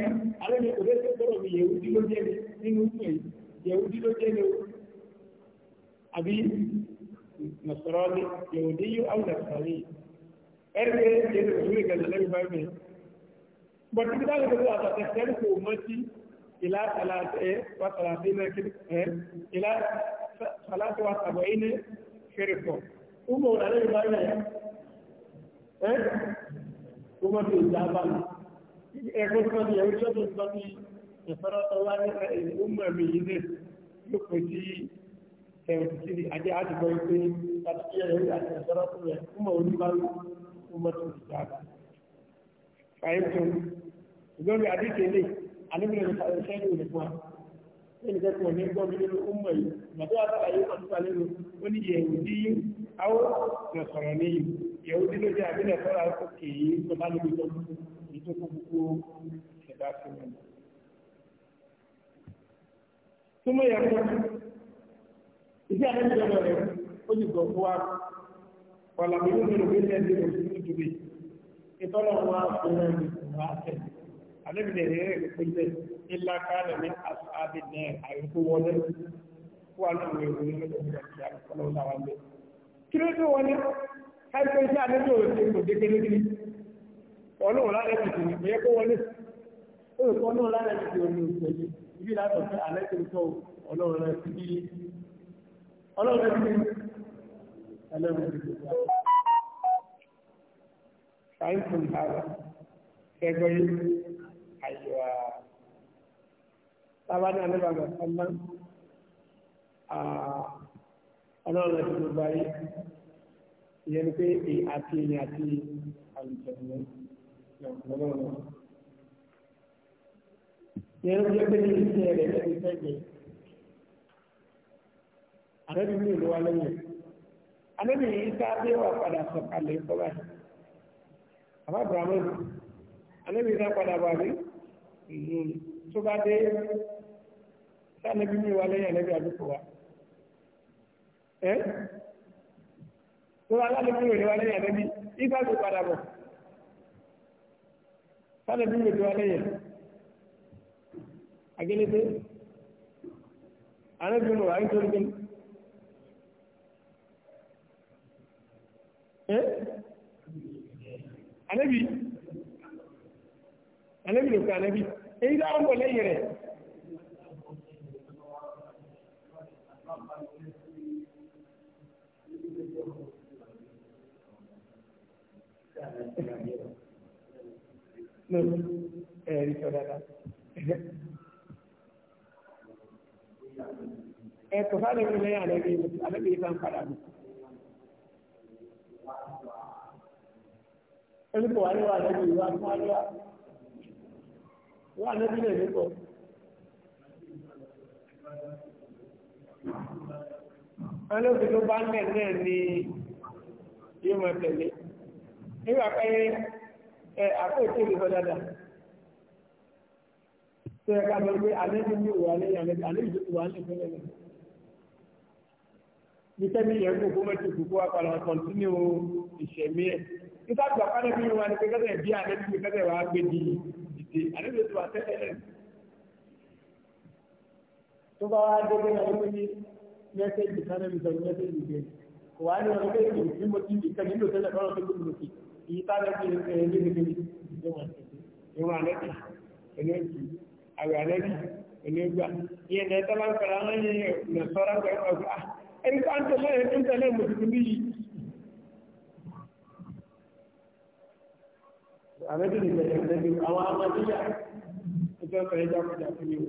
alẹ́ mi kò lẹ́sẹ̀ gbọ́rọ̀ mi yẹ̀wúdí ló jẹ́ mi nínú ọmọ yìí yẹ̀wúdí ló jẹ́ mi o àbí nàṣọ̀rọ̀ ni yẹ̀wúdí yóò àwọn nàṣọ̀rọ̀ yìí ẹ̀rẹ́ إلى ثلاثة وثلاثين إلى ثلاثة وسبعين فرقة أمور عليه باينة إيه أمور في الجابان ẹgbẹ́ kan ní ẹ̀rọ tó ń bá ní ìfẹ́rọ́tọ́ wá ní ọmọ mi ilé lókò tí ẹ̀rùn sí ajé àdìgbọ́ pé tàbí ẹ̀rọ àti ìfẹ́rọ́tọ́ rẹ̀ ọmọ oníbàárù ọmọ tó ń jáde. fàyẹ̀tún ìgbọ́n mi àdìgbẹ́lẹ̀ àníbìrì ní sáré sẹ́yìn òní fún wa ní ìjẹ́ kí wọ́n ní gbọ́ mi nínú ọmọ yìí ìgbà tó wà sára yìí kan nípa lẹ́nu ó ní yẹ̀wù dí áwọ̀ nọ̀sọ̀rọ̀ ní yẹ̀wù dí ló jẹ́ àbílẹ̀ sọ́ra ó kè é tó bá níbi tó kú tó kú kú ṣẹ̀dá sí mi. Súnmọ́ yẹn fún ìdí àdéjọba rẹ̀ ó sì gbọ̀ fún wa ọ̀làmì yóò fẹ́ràn bí ó àlébìlẹ̀ rẹ̀ rẹ̀ pínlẹ̀ ilá káàlẹ̀ ní àṣàbì náà àyíkú wọlé wà láwọn èrò ní ọjọ́ ìjà ọlọ́wọ́ láwọn lé. kí ló tó wọlé káàkiri sí àlejò òṣèlú kò dé kéré kiri ọlọ́wọ́ lára ti tì mí kó wọlé ó lè kọ́ ọlọ́wọ́ lára ti tì omi òṣèlú ibi láti ọ̀fẹ́ alẹ́ tó tó ọlọ́wọ́ rẹ̀ ti bí ọlọ́wọ́ rẹ̀ ti bí ẹlẹ́wọ̀n ti àyíwá tábà ní alẹ́ bàbá sọ́lá ọlọ́run ẹ̀sìn ló bá yé ìyẹn pé àti ìyẹn àti àlùjẹ̀mọ́ lọ́wọ́ ìyẹn ló jẹ́ pé ní iṣẹ́ rẹ̀ lẹ́nu sẹ́gbẹ̀ẹ́ àrẹ́bí mi ló wá lẹ́yìn àrẹ́bí yìí sáré wà padà sọ̀kalẹ̀ kọ́ báyìí àbá abrahamu àrẹ́bí yìí sá padà bọ̀ àbí ìlú tó bá dé sánẹ́bí mi wà lẹ́yìn ẹ̀lẹ́bí àdúgbò wa ẹ́ tó bá lálẹ́bí mi wà lẹ́yìn ẹ̀lẹ́bí ìgbà tó padà bọ̀ sánẹ́bí mi wà lẹ́yìn agélété àrẹ́bí mi wà nítorí gbẹ́ni. Àrẹ́bí ànábì ló pe ànábì èyí tó ń bọ̀ lẹ́yìn rẹ̀. no ẹ̀rí sọ dáadáa ẹ̀kọ́ sáré mi lẹ́yìn àlẹ́ mi àlẹ́ mi sá padà bù. olùkọ́ wa ni wà lẹ́yìn ìwà fún wa ni wà wọ́n ànẹ́bí lè ní kọ́. ọlọ́sìn tó bá ń bẹ̀ náà ni yóò máa tẹ̀lé nígbà pé ẹ àkóòtú ìdìbò dáadáa tó yẹ ká lọ pé ànẹ́bí ní òwò àlẹ́ ànẹ́bí ànẹ́bí tó wà ní ìpínlẹ̀ náà ní sẹ́mi yẹn kó kó mẹ́tò kókó wa padà kọ̀ntínú ìṣẹ̀mí ẹ̀ nígbà gbà pálẹ̀ bí wọn ni pé kẹ́sẹ̀ bí ànẹ́bí kẹ́sẹ̀ wàá gbé di di àdébìyẹ ti wà tẹ́lẹ̀ tó bá wá dé bẹ́ẹ̀ ló ní mẹ́sẹ̀jì sáré mi sọ̀rọ̀ mẹ́sẹ̀jì bẹ́ẹ̀ kò wá ní ọ̀rọ̀ bẹ́ẹ̀ kò sí mo ti di kan nílò tẹ́lẹ̀ kọ́rọ̀ tó gbogbo lòkì ìyí tá lẹ́sẹ̀ ẹ̀ ní gbogbo ìwọ̀n àlẹ́sì ẹ̀lẹ́sì àwẹ̀ àlẹ́sì ẹ̀lẹ́gbà ìyẹn lẹ́tọ́ bá ń fẹ́ra wọn yẹn lọ sọ́ra pẹ̀lú ọ̀gbà ah, ẹni tó ń tẹ̀lé àmẹ́bí ní ìbẹ̀rẹ̀ àmẹ́bí àwọn amadíyà ẹjọ́ ìfẹ̀rẹ̀ jákújà ni. mi.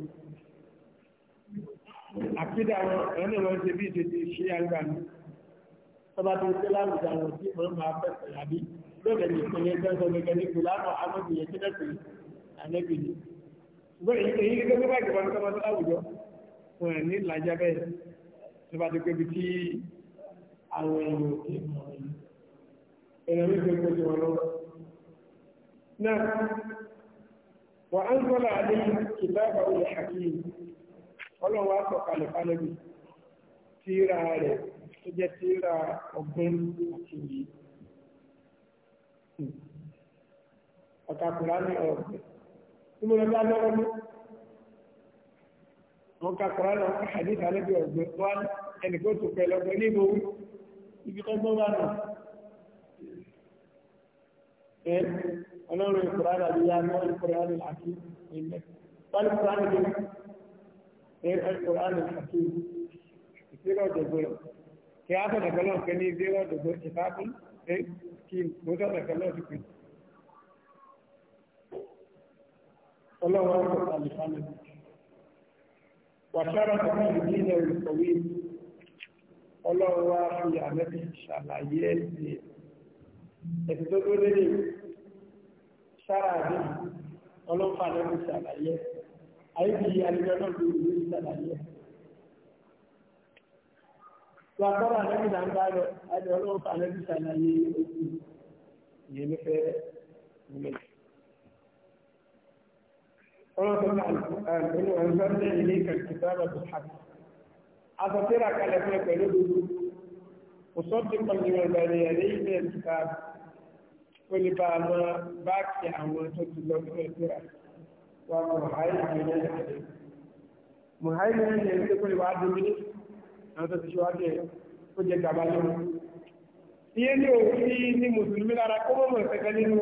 àkídà wọn ẹni wọn ṣe bí ìṣèjì ṣe àgbà ní tọ́ba tó ń ṣe láwùjọ àwọn tí wọ́n máa fẹ́sẹ̀ àbí lóde ní ìpínlẹ̀ ìjọsọ gẹ́gẹ́ ní gbìlánà amẹ́bìyẹ tí lẹ́sìn àmẹ́bí ní. ṣùgbọ́n èyí gẹ́gẹ́ bí báyìí wọn tọ́ba tó láwùjọ wọn ẹ̀ ní ìlàjà bẹ́ẹ̀ tọ́ba tó kébi tí àwọn èèyàn náà wà á ń sọ́lá àdé kìtàbà olè hakim ọlọ́run wá sọ kalẹ̀ fánàbì tíra rẹ̀ tó jẹ́ tíra ọgbọ́n àti yìí ọ̀kàkùrá ní ọ̀gbẹ̀ tí mo lọ bá lọ́wọ́ ní wọn ka kura lọ wọn hadi ta lẹbi ọgbẹ wọn ẹni kó tó pẹ lọgbẹ ní ìbò ibi tó gbọ́ bá nù ẹ ọlọ́run ìkùránà ló yá mọ́ ìkùránà àti ilẹ̀ wọ́n ìkùránà ló yẹ ìkùránà àti ìṣẹ́rọ̀ òdòdó kí á sọ̀rọ̀ kọ́lọ́ kẹ́ ní ìṣẹ́rọ̀ òdòdó ìfákún kí mo sọ̀rọ̀ kọ́lọ́ ti pè. ọlọ́run ọkọ̀ àlùfáàlù wàṣára kọ́kọ́ ìdí ilẹ̀ olùkọ̀wé ọlọ́run wá fi àmẹ́bí ṣàlàyé ẹ̀sìn ẹ̀sìn tó tó lélẹ̀ sára àdé ọlọ́fà lẹ́nu ṣàlàyé àyíkì àlejò náà ló ló ṣàlàyé. Wà sọ́rọ̀ àlẹ́bí náà ń bá lọ, àjọ ọlọ́fà lẹ́nu ṣàlàyé ojú ìyẹn ló fẹ́ múlẹ̀. Ọlọ́run tó máa ń lò ń sọ́dọ̀ ilé kẹ̀kẹ́ sábà tó ṣàkó. Aṣọ tí ra kalẹ̀ ó lè bá a mọ báàkì àwọn tó ti lọ fún ẹgbẹ́ra wa mọ̀háìmì lẹ́yìn àdé mọ̀háìmì lẹ́yìn ẹni tó kọ́lé wàá domi ní àwọn tó ti ṣe wájú ẹ̀ ó jẹ gàba lọ́wọ́. iye ní òfin ní mùsùlùmí lára kó mọ̀mọ̀ ìfẹ̀kẹ́ nínú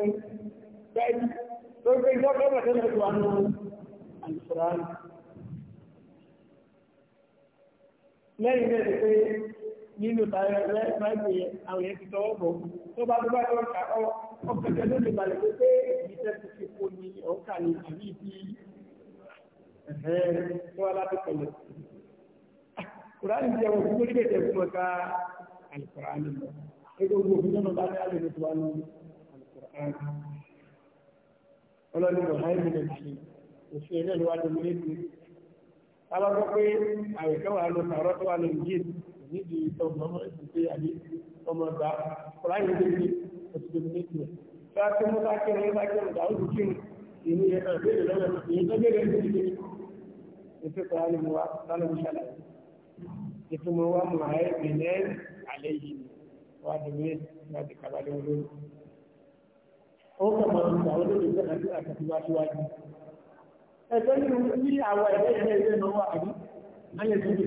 bẹ́ẹ̀ni tó gbé ìjọba tẹ́lẹ̀ tó wà nù àlùfáà lẹ́yìn náà ni pé nínú tààrẹ rẹ̀ máa ń gbé àwọn yẹn ti tọwọ́ bọ̀ tó bá tó ọ̀pẹ̀tẹ̀ ló lè balẹ̀ pé pé ìṣẹ́ ti fi kó ní ọ̀ọ́kà ní àbí ibi ẹ̀fẹ́ tó alábẹ́pẹ̀lẹ̀. Kùránì jẹ́ wọn fún orí kẹ̀kẹ́ fún ọ̀ka alìkùránì. Ẹgbẹ́ ogun òfin náà bá ní alẹ́ tó wà ní alìkùránì. Ọlọ́run kò láì nílẹ̀ sí òfin ẹ̀rẹ́ ló wà ní ilé tó. Alábọ́ pé àwẹ̀kẹ́ wà lọ sàrọ́ tó wà ní ìjì nídìí ọmọ ìsìnkú àbí ọmọ ọgbà. Kùránì mùsùlùmí ni ṣáà tí mo bá kírun bá kírun dàrú kírun ìlú yẹn náà béèrè lọ́wọ́ èyí tó béèrè ní ìdílé ìfẹ́ kan ni mo wá lánàá mi ṣàlàyé ìtumọ̀ wa mọ̀ ẹ́ bẹ̀rẹ̀ àlẹ́ yìí wà ní mi láti kàbálẹ̀ olóyún. ó kàn máa ń gbà olóyún ìgbà àti àtàkùnwá síwájú. ẹgbẹ́ nínú ní àwọn ẹ̀rẹ́ ìrẹ́ ìrẹ́ náà wà ní alẹ́ tó ti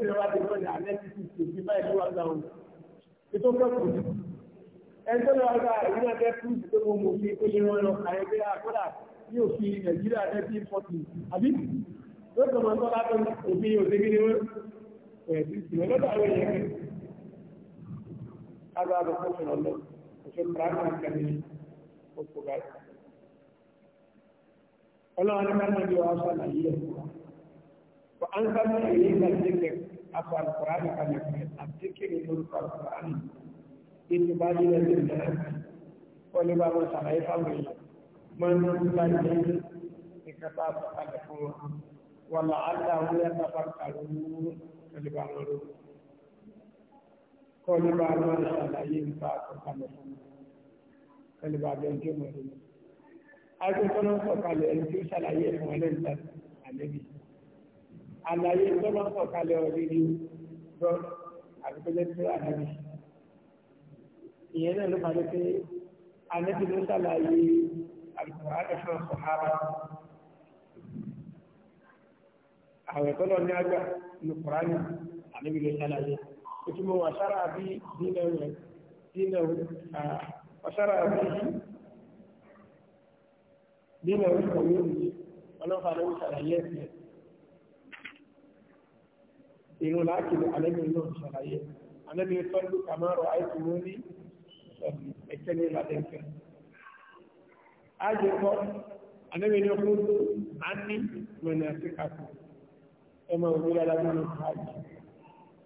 ti wá ti lọ́ọ̀dà alẹ́ ti ti ti báyìí ló wà gbà wọn. ètò kẹ́kọ̀ọ́ ẹjọ́ lọ ọgbà ìrìnà tẹ́ púrùsì tó mú sí ó ṣe wọn lọ àyẹ̀gbẹ́ àkọ́dà ní òfin nàìjíríà 1340 àbí lọ́tọ̀ mọ́ tọ́lá tó òfin òṣèlú ni wọ́n ẹ̀sìn sí lọ́tọ̀ àwọn èèyàn rẹ̀ agbá àbọ̀ fún ọ̀sán ọlọ́ òṣèlú pàápàá kẹ́mi oṣù gáì ọlọ́run nígbà náà ni wọ́n sọ̀rọ̀ yìí ẹ̀ wọ́n á ń sábà èyí ìgbà ìtìbájú lẹ́sìn náà wọ́n ní bá wọn ṣàlàyé fáwọn èèyàn máa ń tún bá jẹ́ ìkàtà àtàkàlẹ̀ fún wọn wọ́n là á dá wọn yàtọ̀ pàtàkì lórí kọ́lé bá wọn lórí kọ́lé bá wọn ṣàlàyé nípa àtàkàlẹ̀ fún wọn kọ́lé bá bẹ́ẹ̀ tó mọ̀ lórí. agbẹ́kọ́nà sọ̀kalẹ̀ ẹni tó ṣàlàyé fún wọn lẹ́yìn tàbí àlẹ́bí àlàyé tọ́lọ́ sọ̀kalẹ̀ ọ̀rẹ́ ni gbọ́ àbíkọ́jẹ́ tó àlẹ́bí. ìyẹn náà ló máa lé pé ànẹ́bí ló ṣàlàyé àlùkùránì fún ọ̀sọ̀hárà àwẹ̀ tọ́lọ̀ ní àgbà àlùkùránì ànẹ́bí ló ṣàlàyé ìtumọ̀ wàṣára àbí dínà wàṣára àbí dínà orúkọ yóò ní ọlọ́fà ló ṣàlàyé ẹ̀sìn ìrùn láti ànẹ́bí ló ṣàlàyé ànẹ́bí tọ́lù kàmárọ̀ àìsùn mú ní extended attention. As you call, and then when you put Anni, when I pick up, Emma will be a lot of hard.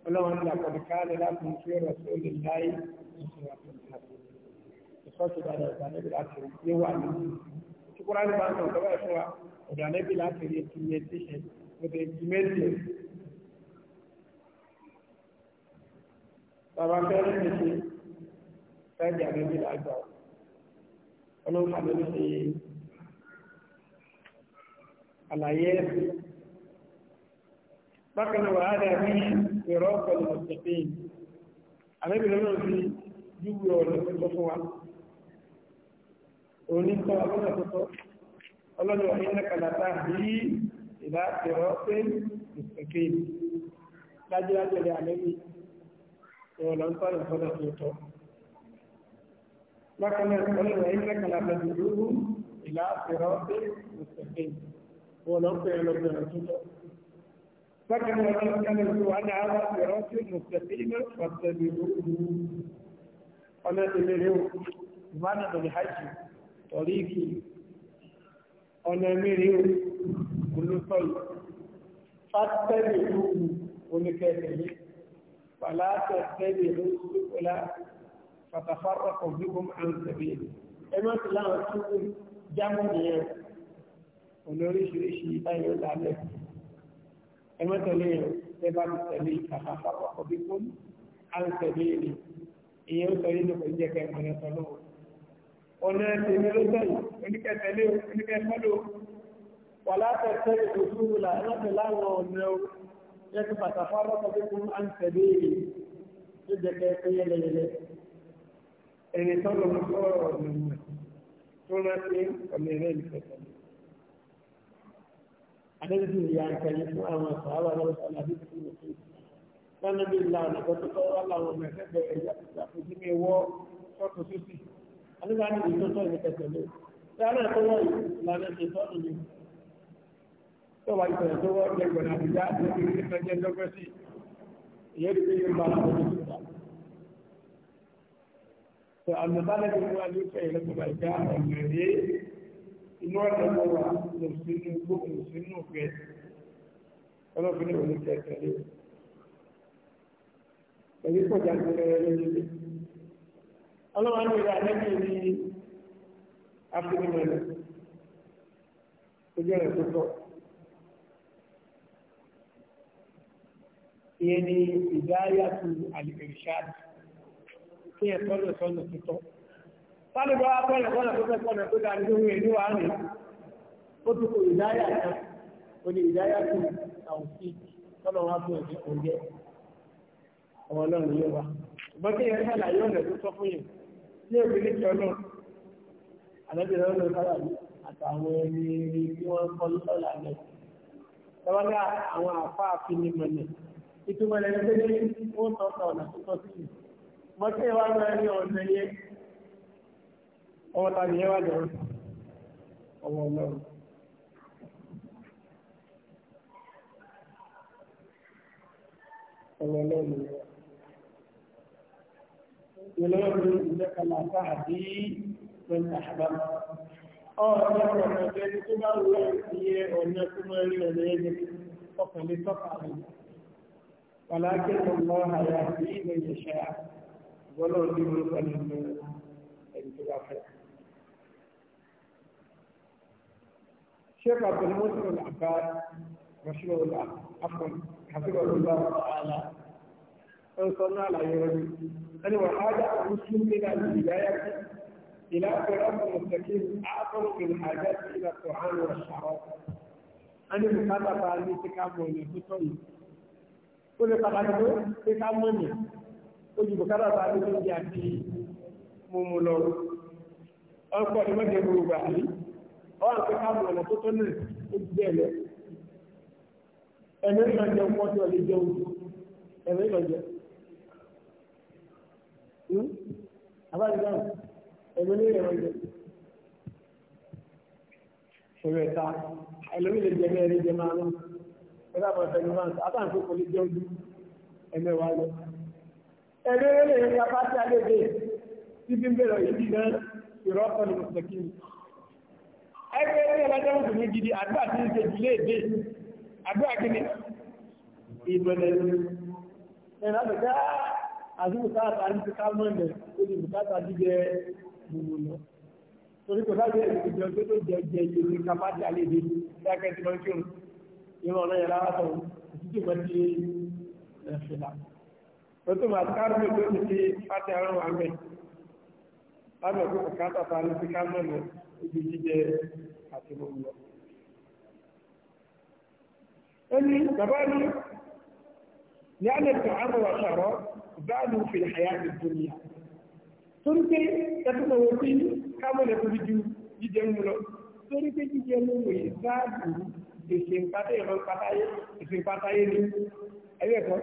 Along the Kodikana, that will fear us all in life, and so on. The first of all, the Navy Latin, you want. The Quran Bank of the West, the Navy Latin implementation, with the implementation. Bàbá fẹ́rẹ́ mi ṣe fẹ́ẹ̀dì àgbẹ̀bí làgbà ọlọ́run àgbẹ̀bí ṣe àlàyé ẹ̀sìn bákan náà wàá dà bí ìrọ́ pẹ̀lú ọ̀sẹ̀pẹ̀yìn àgbẹ̀bí lọ́nà fi júwe ọ̀rọ̀ tó fún wa òní sọ àbúrò tuntun ọlọ́run ọ̀hún ní kàlàtà bí ìlà ìrọ́ pẹ̀lú ọ̀sẹ̀pẹ̀yìn dájúdájú ẹ̀rẹ́ àgbẹ̀bí ìrọ̀lọ́ ń tọ́lọ̀ fọ́lọ́ tó bákan náà sọ́nà ẹ̀yìn lẹ́kànlá pẹ̀lú ìlú ìlà àfẹ́rọ́ pé mùsùlùmí wọn lọ pẹ̀lú ọlọ́gbẹ̀rẹ̀ tó lọ. bákan náà sọ́nà ẹ̀yìn lẹ́kànlá wọn náà wà fẹ́rọ́ pé mùsùlùmí pàtẹ́lú ìlú ọ̀nà ìlérí o ìmáàdà lórí hajj torí ìkì ọ̀nà mẹ́rin o olùsọ̀ yìí pàtẹ́lú ìlú oníkẹ́kẹ́ yìí pàlá tẹ̀lé ìlú fàtàfàrà ọ̀gbígbọ́n àǹtẹ̀bí ẹmọ́ ti láwọn tó ń jámọ́ nìyẹn ọ̀nà oríṣiríṣi báyìí ó lálẹ́ ẹmọ́ tẹ̀lé yẹn tẹ́ bá ti tẹ̀lé fàtàfàrà ọ̀gbígbọ́n àǹtẹ̀bí ni ìyẹn ó sọ nínú kò jẹ́ kẹ́ ẹ̀mọ́ ẹ̀sọ́ lọ́wọ́ ọ̀nà ẹ̀sẹ̀mí ló sẹ́yìn oníkẹ́tẹ̀lé oníkẹ́fọ́lò wà látẹ̀tẹ̀ òṣùwò láti láwọn ọ̀nà yẹ́kí fàtàfàrà ọ̀gbígbọ́n àǹtẹ̀bí ni ó jẹ́ kẹ́ ẹ̀sẹ̀ yẹlẹyẹlẹ ẹni tó lọ mọ sọ̀rọ̀ ọ̀nà mọ̀ tó rántí ọ̀nà ìrẹ́ ìfẹ̀tọ̀. Adébísí ìyá ìkẹyìn fún àwọn ẹ̀sọ́ àwọn ọ̀rọ̀ sọ̀rọ̀ àbí fún òfin. Lọ́nà bí ìlà ọ̀nà tó tọ́ wá láwọn ọmọ ẹ̀fẹ́ bẹ̀rẹ̀ ìyá títà fún sí mi wọ́ sọ́tò sísì. Adébá ní ìlú فالمبالغ هو ليس لكم الجاه الذي inúwà lọ́wọ́ wa lọ sínú gbóhùn sínú fẹ́ ọlọ́fin ìwọ̀n ìfẹ́ tẹ̀lé pẹ̀lú pọ̀jà tẹ̀lé lórílẹ̀ ọlọ́wọ́ ní ìrà lẹ́yìn ní afẹ́nimọ̀lẹ̀ ojú ọ̀rẹ́ tó tọ́ ìyẹn ni ìdáyàtú àlìkèrìṣáàtì kí ẹ tọ́lọ̀ sọ́nà títọ́. Tálùbọ́ wá tọ́lọ̀ sọ́nà tó fẹ́ pọ̀nà tó dáa nínú ìlú wa rè ó tún kò ìdáyà kan ó ní ìdáyà tó tàwùsí tọ́lọ̀ wá fún ẹ̀jẹ̀ kò jẹ́ ọmọ ọlọ́run yóò wá. Ṣùgbọ́n kí ẹ sàlàyé ọ̀nà tó sọ fún yẹn ní obìnrin tí ọlọ́run àlẹ́bìnrin ọlọ́run sábà ní àtàwọn ẹni tí wọ́n kọ́ lọ́la náà. Tọ́lá àwọn àfáàfin ni mọ̀nà ìtumọ̀ lẹ́nu pé wọ́n tọ́ mọ́tẹ́ wá máa ní ọ̀nà yẹ ọmọ tàbí yẹn wà lọ́rùn ọmọ ọlọ́run ọmọ ọlọ́run ìlọ́run ìjẹ́kàlá káàdì pẹ̀lú àbámọ́ ọ̀rọ̀ ọ̀rọ̀ ọ̀gbẹ́ni tó bá wọ iye ọ̀nà tó máa rí ọ̀nà ẹni ọkàn lè tọ́ka rẹ̀ wàlákẹ́ ọmọ àyàfi ilẹ̀ ìṣẹ́ àti ولو لم يكن الانتباه الشيخ عبد المحسن العباس مشروع الله حفظه الله تعالى انصرنا على يوم ان وحاجة المسلم الى البداية الى قرآن المستقيم اعطر في الحاجات الى القرآن والشعراء ان يخطط عن اتكام من كل قرآن هو اتكام ojú bùkátà bá ní oúnjẹ àti mímú lọ ọ̀pọ̀ ni wọ́n jẹ gbogbo àrí ọ̀rọ̀ pé káàmù ọ̀nà tó tó náà ó ti bẹ́ẹ̀ lọ ẹ̀mí ìlọ jẹun pọ̀ tó lè jẹun ẹ̀mí ìlọ jẹ abájúdá hmm? ẹ̀mí ní ìlọ jẹ ṣòro ẹ̀ta ẹlòmí lè jẹ mẹ́rin jẹ máa ń ẹ̀dá àbọ̀ ẹ̀fẹ̀ ní fáǹsì àtàǹkó kò lè jẹun ju ẹ̀mẹ́wàá lọ ẹ̀rẹ́ rẹ̀ ní apá tí a lè dé síbi ń bẹ̀rẹ̀ ìdí náà ìrọ́pọ̀ ní mùsùlùmí. ẹgbẹ́ ní ọlọ́jọ́ mùsùlùmí gidi àdúrà tí ń ṣe jù lè dé àdúrà kí ni ìbẹ̀rẹ̀ ni ẹ̀rọ àgbẹ̀ká àdúgbò káàtà ní ti kámọ́ọ̀nẹ̀ ó di bùkátà jíjẹ gbogbo lọ. torí kò sáà jẹ́ ìjọ tó tó jẹ jẹ iye ní kápá tí a lè dé dákẹ́ tí wọ́n kírun ìrọ̀ ọ̀nà yẹn lára sọ̀rọ̀ òtútù mọ́ ti ẹ̀fẹ̀ láti ó tún máa kárùn ún lórí ti pátí àrùn wa mẹ́ lábẹ́ òkú kò káàtà ta ló fi ká mọ́nà ibi jíjẹ àti gbogbo lọ. ó ní bàbá ní ní alẹ́ kan àmọ́ wa ṣàrọ́ báàlù fi àyà ti dùnìyà torí pé ẹtùmọ̀ wo bí ká mọ́nà tó fi ju jíjẹ ń lọ torí pé jíjẹ ń wò yìí báàlù ìsìnkátà ìrọ̀pátáyé ni ẹgbẹ́ kan.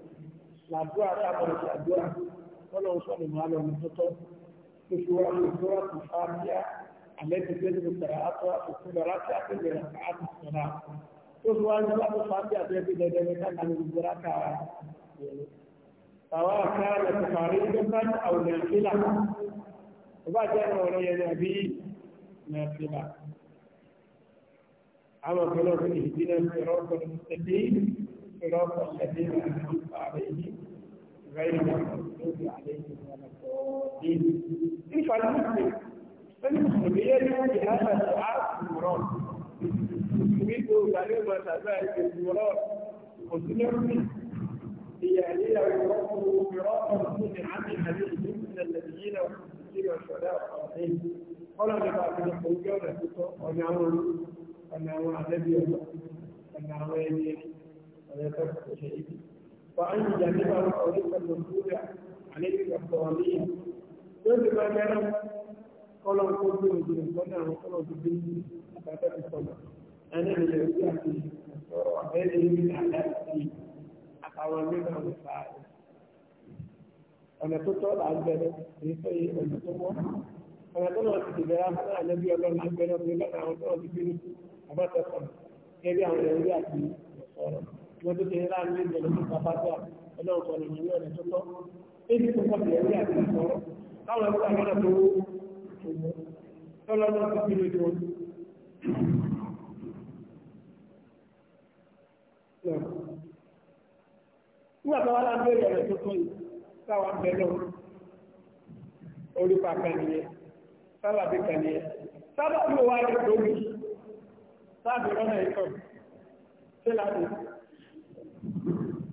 làdúrà rẹ̀ àbọ̀rọ̀ sí àdúrà wọ́n sọ̀rọ̀ máa lọ ní tọ́tọ́ tó fi wá ní ìtura kò fà á bíá alẹ́ ti gbé nínú kẹrẹ àtọ́ àkókò lọ́la tí a ti bẹ̀rẹ̀ àti sọ̀rọ̀ tó fi wá ní ìtura kò fà á bíá tó yẹ kí dẹ̀dẹ̀ ní káàkiri ní ìtura ká yẹlẹ. Tàwa ká lè ti parí nígbà tí àwọn ènìyàn fi là. yẹn ní غير المغضوب عليهم ولا الضالين كيف المسلم المسلم يجب بهذا الدعاء في المراد المسلمين تعليم تابع في المراد مسلم ليهدي ربه مرادا كل عام هذه من النبيين والصديقين والشهداء والصالحين قال لبعض الخوجة ونعم ونعم على النبي الله على النبي ونعم على النبي وأن يجانبه طريق المنزول عليه الضالين lórí máa dára kọ́lọ́ tó gbé òjò ìgbọ́nà àwọn kọ́lọ́ tó gbé àtàtà ti sọ̀rọ̀ ẹni lè rí àti ọ̀rọ̀ ẹni rí àdáàtì àtàwọn mẹ́ta ń fa ọ̀nà tó tọ́ là ń bẹ̀rẹ̀ èyí tó yẹ ọ̀nà tó wọ́ ọ̀nà tó náà ti bẹ̀rẹ̀ fún àlẹ́bí ọlọ́run àgbẹ̀rẹ̀ ọ̀gbẹ̀rẹ̀ àwọn tó náà ti wọ́n tó tẹ̀lé láàrin ilé ìjọba tó bàbá tó ọlọ́run sọ̀rọ̀ ìlú ọ̀nà tó tọ́ èyí tó kọ́ bẹ̀rẹ̀ rí àti ìsọ̀rọ̀ táwọn ẹgbẹ́ àwọn ọ̀nà tó tọ́lọ́ náà tó kí lójú wọn. nígbà tó wá láńbé ìrọ̀lẹ́ tó tọ́ yìí táwọn bẹ̀ náà orí pa kànìyẹ sábàbí kànìyẹ sábàbí wà ní ìdóbi sábàbí rọ́nà ìtọ́ sí láti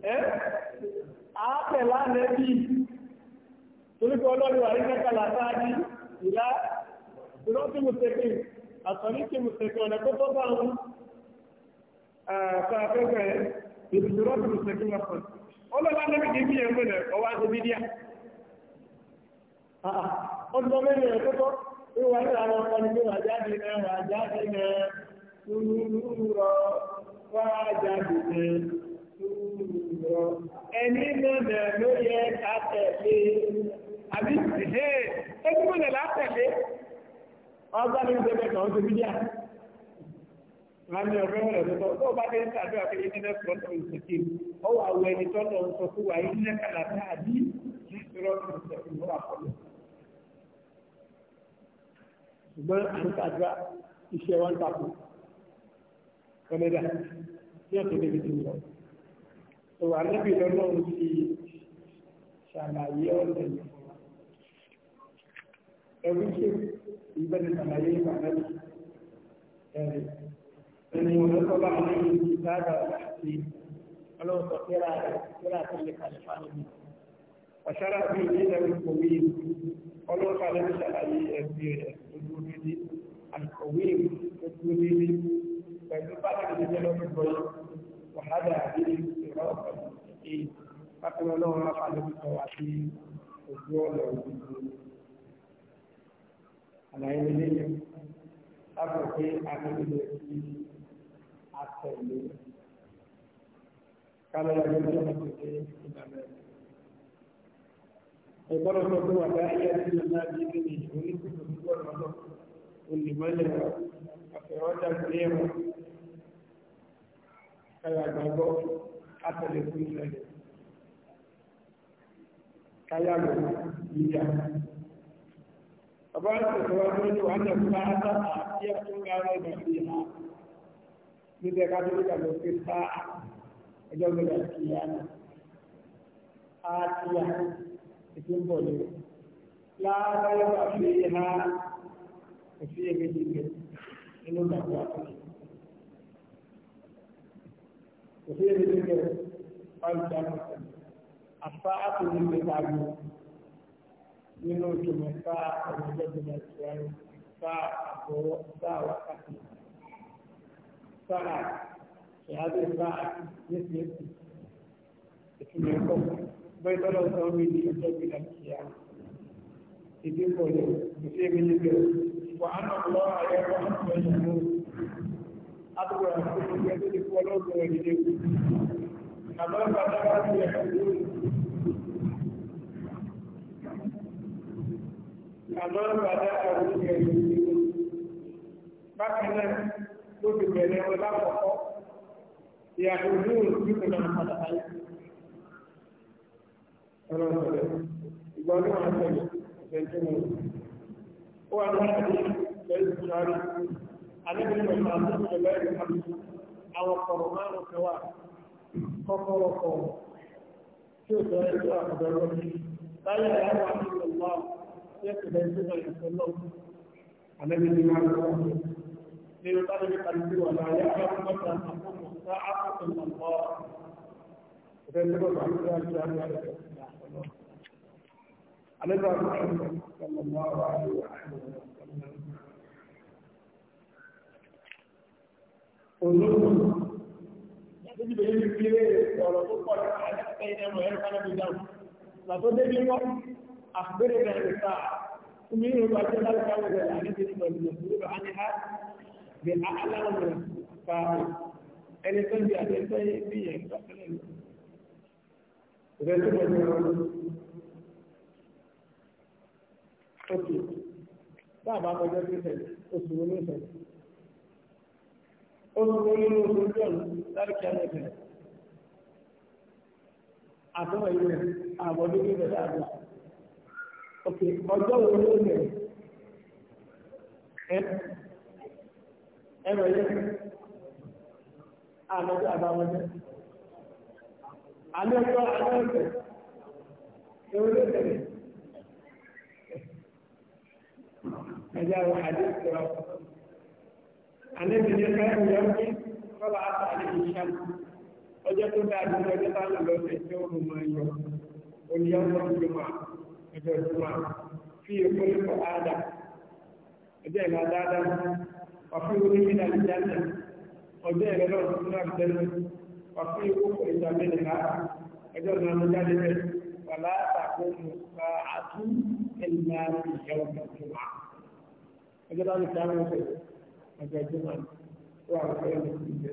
ẹ́ àápẹ̀lá nẹ́bí torípọ̀ ọlọ́run àríkẹ́kàlà sáájú ìlà ìrọ́sí mùsẹ̀kì àtọ̀ríkì mùsẹ̀kì ọ̀nà tó tọ́bà ń fàfẹ́fẹ́ ìrọ́sí mùsẹ̀kì wọ́n ọlọ́run nẹ́bí kìí bíyẹn mẹ́lẹ̀ ọwá ti bí díà ọdún mẹ́rin ẹ̀ tó tọ́ ìwà ìlànà ọkọ̀ ni pé wà jáde náà wà jáde náà ẹni mọ̀nà ló yẹ ká tẹ̀lé àbí ìhẹ́ ẹni mọ̀nà látẹ̀lé ọgbà ní ìjọba kan tó bí díà máa ní ọ̀rẹ́ rẹ̀ tó tọ́ tó bá dé ń sàdúrà pé yìí nínú ẹ̀sùn ọ̀tọ̀ ìsìnkì ó wà wọ ẹni tó lọ sọ fún wa yìí nínú kàlà tá a bí ìṣòro ìṣẹ̀kùn ló wà pọ̀lọ̀ ṣùgbọ́n à ń sàdúrà iṣẹ́ wọn tàkù kọ́lẹ́dà tí ọ̀tọ̀ débi ti ń lọ tó wà níbi lọ́nà ti ṣàlàyé ọ̀nà ìfọ̀wà ẹ̀rú ṣe ìbẹ̀rẹ̀ ṣàlàyé ìbàdàn ẹ̀rẹ̀ ẹni olókọ́ bá wọn ní ìbára àti ọlọ́wọ́ sọ kíra rẹ̀ kíra tó lè kalẹ̀ fáwọn mi ọ̀ṣára bí ilé ẹ̀rú kò wí ọlọ́wọ́ kalẹ̀ ní ṣàlàyé ẹ̀sì rẹ̀ ojú orílẹ̀ àìkọ̀wé ojú orílẹ̀ pẹ̀lú bá وهذا هذه الصراط المستقيم فقل لهم رفع لهم التوحيد والجوع على يمينه أبوه أمين حتى الليل كما يقول ìgbọ́dọ̀ sọ pé wàdà ayé àti ìlànà àti ìgbìmọ̀ ìṣòro ní kòtò tó gbọ́dọ̀ lọ òun lè mọ́lẹ̀ ọ̀fẹ́ ọjà gbé ẹ̀rọ káyọ̀ àgbàgbọ́ kátẹ̀lé fún ìṣẹ̀lẹ̀ káyọ̀ àgbàgbọ́ ìjà. Bàbá rẹ̀ tẹ̀sẹ̀ wá lórí wà ní ọ̀pá àtàkà tí ẹ tún ra rẹ̀ ìgbà sí ìhà. Níbi ẹ̀ka tó dìgbà lọ sí sá ẹjọ́ gbọdọ̀ sí ìyá náà. A ti yà ètò ń bọ̀ lórí. Láàárọ̀ yóò bá ìhà òfin èmi ti gbẹ̀ nínú ìgbàgbọ́ àtúnṣe òfin èdè tó kẹrẹ five thousand afa àtúndì tó tàbí nínú ìtumọ̀ fa ọ̀nàjọ́ tó bá ti wáyé fa àbọ̀wọ́ fa wákàtí fa ṣèhádé fa nísìnyẹ́sì ìtumọ̀ ẹ̀kọ́ bẹ́ẹ̀ tọ́lọ̀ sọ mí ní ọjọ́ ìgbìlá kìíyà ìdí pọ̀ ní òfin èdè tó kẹrẹ wà á nà lọ́wọ́ àyẹ̀wò àtúndì àtúgbò àti ẹgbẹ́ tó lọ́gbọ̀ ìdílé àmọ́ bàbá ti ẹ̀kọ́ àmọ́ bàbá àwọn ìgbẹ̀rẹ̀ ìdílé bákan náà ló ti bẹ̀rẹ̀ wọn lákọ̀ọ́kọ́ ìyàtọ̀ ní òṣù tó náà padà báyìí ọ̀rọ̀ ọ̀rẹ́ ìgbà ọdún wọn tẹ̀lé ọ̀sẹ̀ tó wọn ó wà ní àdéhùn lẹ́yìn tó alẹ́gbẹ̀rẹ̀ pẹ̀lú àtúntò ìjọba ìlú àbúrú àwọn ọ̀rọ̀ márùn-ún kan wà kọ́kọ́rọ́ kan tí ó sọ ẹjọ́ àkọ́bẹ̀rẹ̀ wọn táyà ìyáwó àtúntò wà tí ó sì bẹ̀rẹ̀ sígbà ìṣẹ́ náà alẹ́gbẹ̀rẹ̀ máa ń wọ́n ní ọjọ́ tábìlì kàlùkù wà láyé àbúkọ́ta àkókò sáà àkókò ìlànà Alẹ́gbẹ̀rẹ̀ olóògùn níbi ìbẹ̀rẹ̀ ní ilé ọ̀rọ̀ tó pọ̀ nípa ẹ̀ẹ́dẹ́gbẹ̀ẹ́ ní ọmọ ẹ̀rọ kánábì dáhùn làtó débi wọn àpẹẹrẹ bẹ̀rẹ̀ nípa kúmí ìrìn bá jẹ́ láti káwọn ìrẹ̀lẹ̀ àníbi ní ọdún ìlú bá ní ha bẹ̀ aláwọ̀ fa ẹni àti ẹgbẹ́ bí yẹn gbà olùkọ́ nínú ojú ọ̀nà àtọ́wọ̀ ìwé àbọ̀dún ní ìbẹ̀rẹ̀ ok ọjọ́ wo ló ẹ àlẹ́bí ní káyọ̀ yọrí kọ́lá àtàlẹ́ ìṣàn ọjọ́ tó dáa ju ọjọ́ tá a lọ sí ẹjọ́ òun máa yọ oníyàn lọ sí jùmọ̀ ẹjọ́ jùmọ̀ fi èkó ní kọ́ àdá ẹjọ́ ìlà dáadáa wàfí orí ní àlìjáde ọjọ́ ìlẹ̀ lọ sí náà tẹ́lẹ̀ wàfí ikú ìjàmbá nìka ẹjọ́ náà ló jáde bẹ́ẹ̀ wàlá àtàkùn mùsà àtún ẹ̀yìn náà ọjọ́ jùmọ̀ tó àwọn ọ̀rẹ́ mi ti jẹ.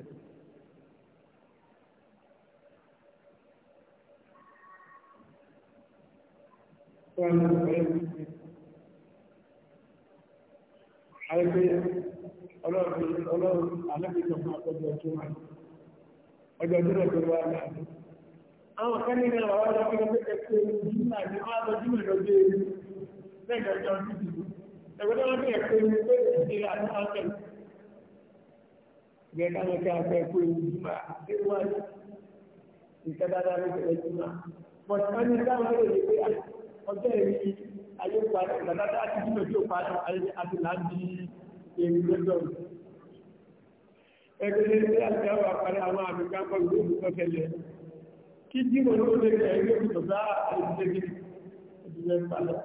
tó àwọn ọ̀rẹ́ mi ti jẹ. àìpé ọlọ́run ọlọ́run alábìsọ̀ fún àkọ́jọ jùmọ̀ ọjọ́ jùmọ̀ tó wà láàrin. àwọn kan nínú àwọn ọjọ́ tó lọ pé ẹ̀kọ́ jùmọ̀ àti wọ́n á lọ jùmọ̀ lọ́jọ́ èyí lẹ́gbẹ̀ẹ́ ọjọ́ jùmọ̀ ẹgbẹ́ tó lọ pé ẹ̀kọ́ jùmọ̀ pé ìlànà ọjọ́ jẹ́ káwọn tí a fẹ́ kó ewu jùmọ̀ ewu àti ìtẹ́dára ló tẹ̀lé jùmọ̀. bọ̀dá ní káwọn lè rí pé ọjọ́ ìrìn ayé parí ìgbàdáta àti jùmọ̀ tí ó parí ayé àti láti èrè lọ́dọ̀. ẹgbẹ́ ní ilé àti àwọn àpárí àwọn àmì kápọ̀ ìlú ìlú tó tẹ̀lé. kí jùmọ̀ ló lè rẹ̀ ẹgbẹ́ òkùtọ̀ bá àìsílẹ̀ ìdílé palẹ̀.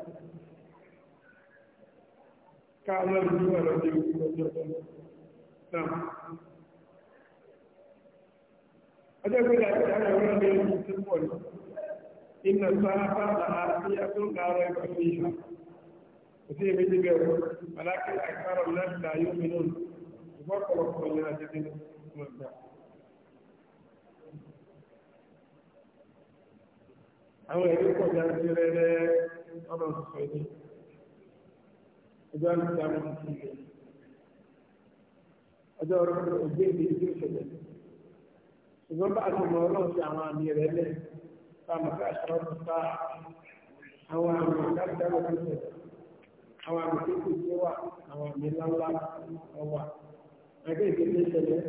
káwọn lè rí ọ̀rọ̀ ọjọ́ ìgbéga ìdáná ọ̀rọ̀ ní ojú tó pọ̀ ní iná sáábà làá sí àtúnkàrọ̀ ẹ̀kọ́ ní ìhà kò sí èmi níbẹ̀ ọ̀rọ̀ alákẹ́ àkàrọ̀ láti là yóò mi lónìí ìgbọ́ pọ̀lọpọ̀ ní àdídé mọ̀ gbà. àwọn ẹ̀rí pọ̀ jáde rẹ̀ ọ̀rọ̀ ṣùgbọ́n bá àti ọmọ ọlọ́run ti àwọn àmì rẹ̀ lẹ̀ fáàmùkà ṣọ́ọ̀tù pa àwọn àmì ìdájọ́ ìpínlẹ̀ àwọn àmì tó kù tí wà àwọn àmì ńláńlá ọwà ẹgbẹ́ ìgbésẹ̀ ìṣẹ̀lẹ̀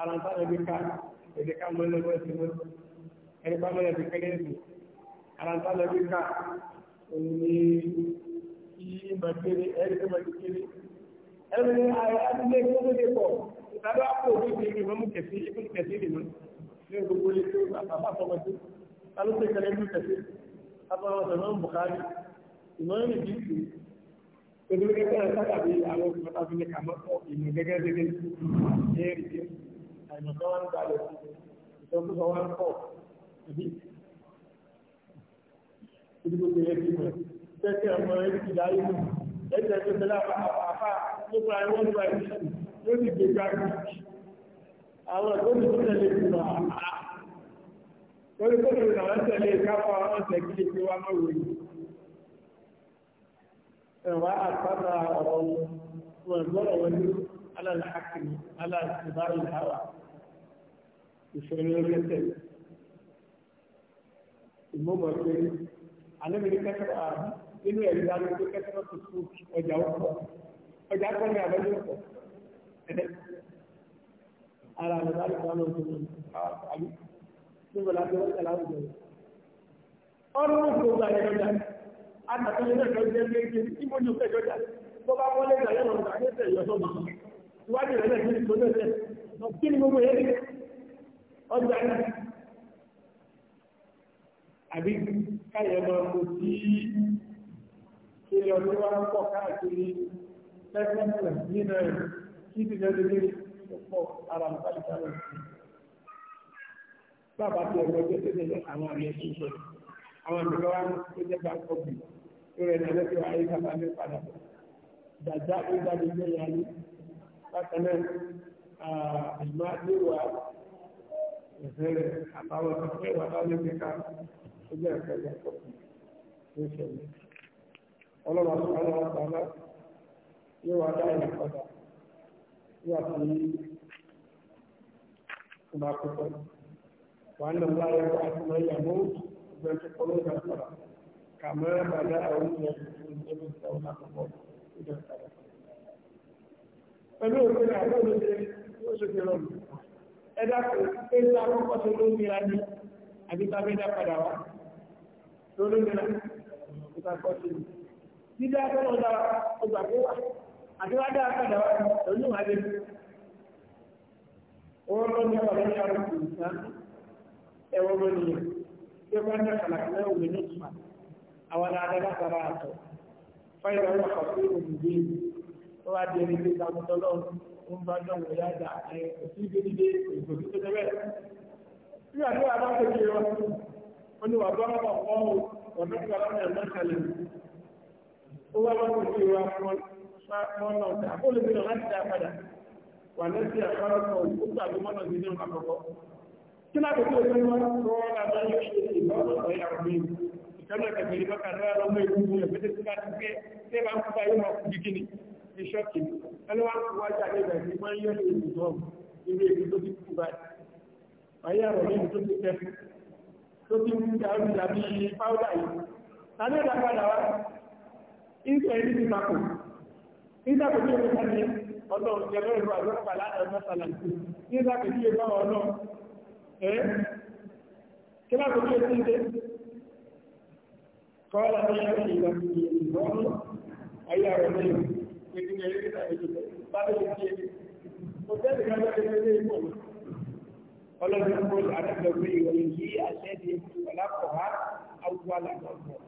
aláǹtá ẹbí ká èdè ká mọ́ lọ́wọ́ ẹ̀sìn mọ́ ẹni bá mọ́lẹ̀ kẹ́lẹ́ ẹ̀sìn ẹni adúlé gbódé pọ̀ ìtàdọ́ àpò òbí ti rí mọ́mú kẹsí ìpín kẹsí rè mọ́ ní gbogbo ilé tó bàbá àfọmọdé alóṣè kẹlẹ́ ní kẹsí àfọmọdé mọ́mú Buhari ìmọ̀ ní bíìsì pẹ̀lú gẹ́gẹ́ rẹ̀ sábàbí àwọn ìfọ̀tà fi lè kàmọ́ pọ̀ ìmọ̀ gẹ́gẹ́ gẹ́gẹ́ ní èrìdí àìmọ̀tán wá ń balẹ̀ ìtọ́kùsọ wá ń pọ̀ ìbí ìdígbò tẹ̀lé bí mọ̀ tẹ́tẹ́ ọmọ ẹ̀rí ti dáyé mọ̀ ẹgbẹ́ tó tẹ́lá àpá nípa ẹwọ́n nípa ìṣẹ́ lórí ìgbéga àwọn ìgbóni tó tẹ̀lé ìgbà àpá lórí tó tẹ̀lé àwọn tẹ̀lé ìkápá àwọn tẹ̀lé ìgbé wa mọ́wé ẹ̀wà àpáta ọ̀rọ̀ wọn gbọ́dọ̀ wọn ní alálàákìní aláàtìbárì ìhàwà ìṣòro orí tẹ̀lé ìmọ̀mọ̀ pé alẹ́ mi ní kẹ́kọ̀ọ́ nínú ẹ̀rí láti tó kẹ́kẹ́ tó tó ọjà ọkọ̀ ọjà ọkọ̀ ní àbẹ́lẹ́ ọkọ̀ ara rẹ̀ láti bá lọ sọ́nà àbí níbo láti wọ́n tẹ̀lé àwùjọ rẹ̀. ọ̀rọ̀ wọn kò gba ẹ̀rọ dá àtàkùnrin náà lọ́jọ́ ẹgbẹ́ ẹgbẹ́ tí mo ní òkè jọjà tó bá wọlé ìgbà yẹn lọ́nà àti ẹ̀sẹ̀ ìyọ̀sọ́ mọ̀ ìwádìí rẹ̀ náà ti tó lẹ́sẹ̀ lọ kí ni gbogbo yẹn ọjà náà àbí káyọ̀ máa kò sí ilé ọdún wa ń pọ̀ káàkiri lẹ́sẹ̀nsẹ̀ nínú ẹ̀ kí ti jẹ́ lórí pọ̀ ara mọ̀tálítà rẹ̀. Bàbá ti ẹ̀rọ ọjọ́ tó tẹ̀lé àwọn àmì ẹ̀sìn sọ. Àwọn àmì kan wá tó jẹ́ bá ń kọ́ bì. Lórí ẹ̀dá lẹ́sẹ̀ wa ayé kápá mi padà bọ̀. Dàjà ó jáde ní ẹ̀yà ọlọ́wọ́ sọ́nà ọ̀tàná yóò wá dá ìlú padà yóò fi ìgbà púpọ̀ wà ń lọ́wọ́ ayé wà fún ẹ̀yà mọ́ ìgbẹ́ tó kọ́ lóògbà padà kà mọ́ bàdá àwọn ìyẹn tuntun ẹgbẹ́ tó wà púpọ̀ ìjọ padà. pẹ̀lú òfin àgbẹ̀ mi ṣe ó ṣe fi rọrùn ẹ dákun pé ní akọ́kọ́ tó ló ń nira ní àbí tábí dá padà wá lórí nira ìtàkọ́ sí i dídá akẹ́kọ̀ọ́ dára ọgbà tó wà àti wá dára padà wá lónìí wá dé. Wọ́n lọ ní ọ̀rọ̀ ní ọ̀rọ̀ kò sá ẹ̀wọ̀n lọ nìyẹn. Ṣé wọ́n ní kàlàkì náà wò ní ìtumà? Àwọn ará dára àtọ̀. Fáyọ̀ ọ̀rọ̀ kọ̀ di ẹni pé ìdàmútọ́ lọ́wọ́ ń bá dán wò yá dà ẹ̀ òsì ìgbédìde ìgbòsí ó wá bá tòjú ìwà mọ́nà ọ̀dà ó lè bínú láti dá padà wà lẹ́sí àpárá kan ó tàbí mọ́nà ìdílé ọ̀nà àkọ́kọ́. kí láti tó ìwé wọn rọ àbá yóò ṣe ìbáwọ̀ ọ̀rẹ́ àwọn mi ìkànnì àkàgbèrè bá kàdúrà lọ́mọ ìlú rẹ̀ pété tí bá ti gbé tẹ́ bá ń kúta yóò máa kú bíkíní ní ṣọ́ọ̀kì ẹni wá kú wájú àgbẹ̀gbẹ̀ tí wọ́n yọ ní ìdùnnú ilé ìlú tó ti kú báyìí. ayé àrọ̀ mi tó ti tẹ́ tó ti ń darú dàbí pàwọ́dà yìí. tàbí ìdàgbàdà wa ìfẹ́ ní ti takò ìdàkò tí ó ní ọlọ́run jẹ́ lórí àjọ́pà láàrín mẹ́sàlàtì ìdàkò tí ó bá ọlọ́run ẹ́ kí láàrín tí ó ti ń dé kọ́ọ̀lá ní ẹ̀rọ ìlànà ìrọ̀rùn ayé àwọn mẹ́rin ìgbìyànjú ìrìnà ìjọba bá lè ṣe mo tẹ́lẹ̀ kan lọ́dẹ̀ lórí ìpò ọlọ́run kó àdàgbẹ̀gbẹ̀ ìwọ̀n yìí àṣẹ́ di ọ̀làkọ̀ọ́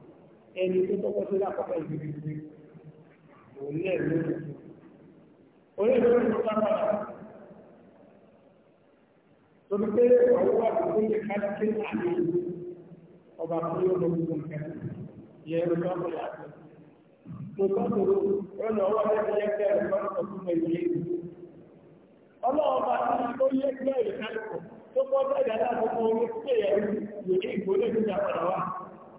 ẹni tó kọ́kọ́ tó lápapọ̀ ìgbìgbì òun náà ló ń sọ. Oríṣi ló ọrụ pápá. Tóbi pé ọwọ́ àkókò yẹ ká ké àmì ọba tó yóò lọ gbogbo nǹkan. ọwọ́ yẹ kẹ́ ẹ̀rọ tó yẹ kẹ́ ẹ̀rọ tó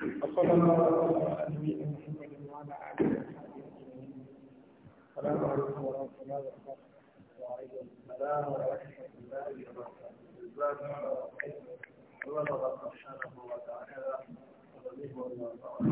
وصلى الله على نبينا محمد وعلى اله وصحبه اجمعين السلام عليكم ورحمه الله وبركاته وعليكم السلام ورحمه الله وبركاته جزاكم الله خيرا الله سبحانه وتعالى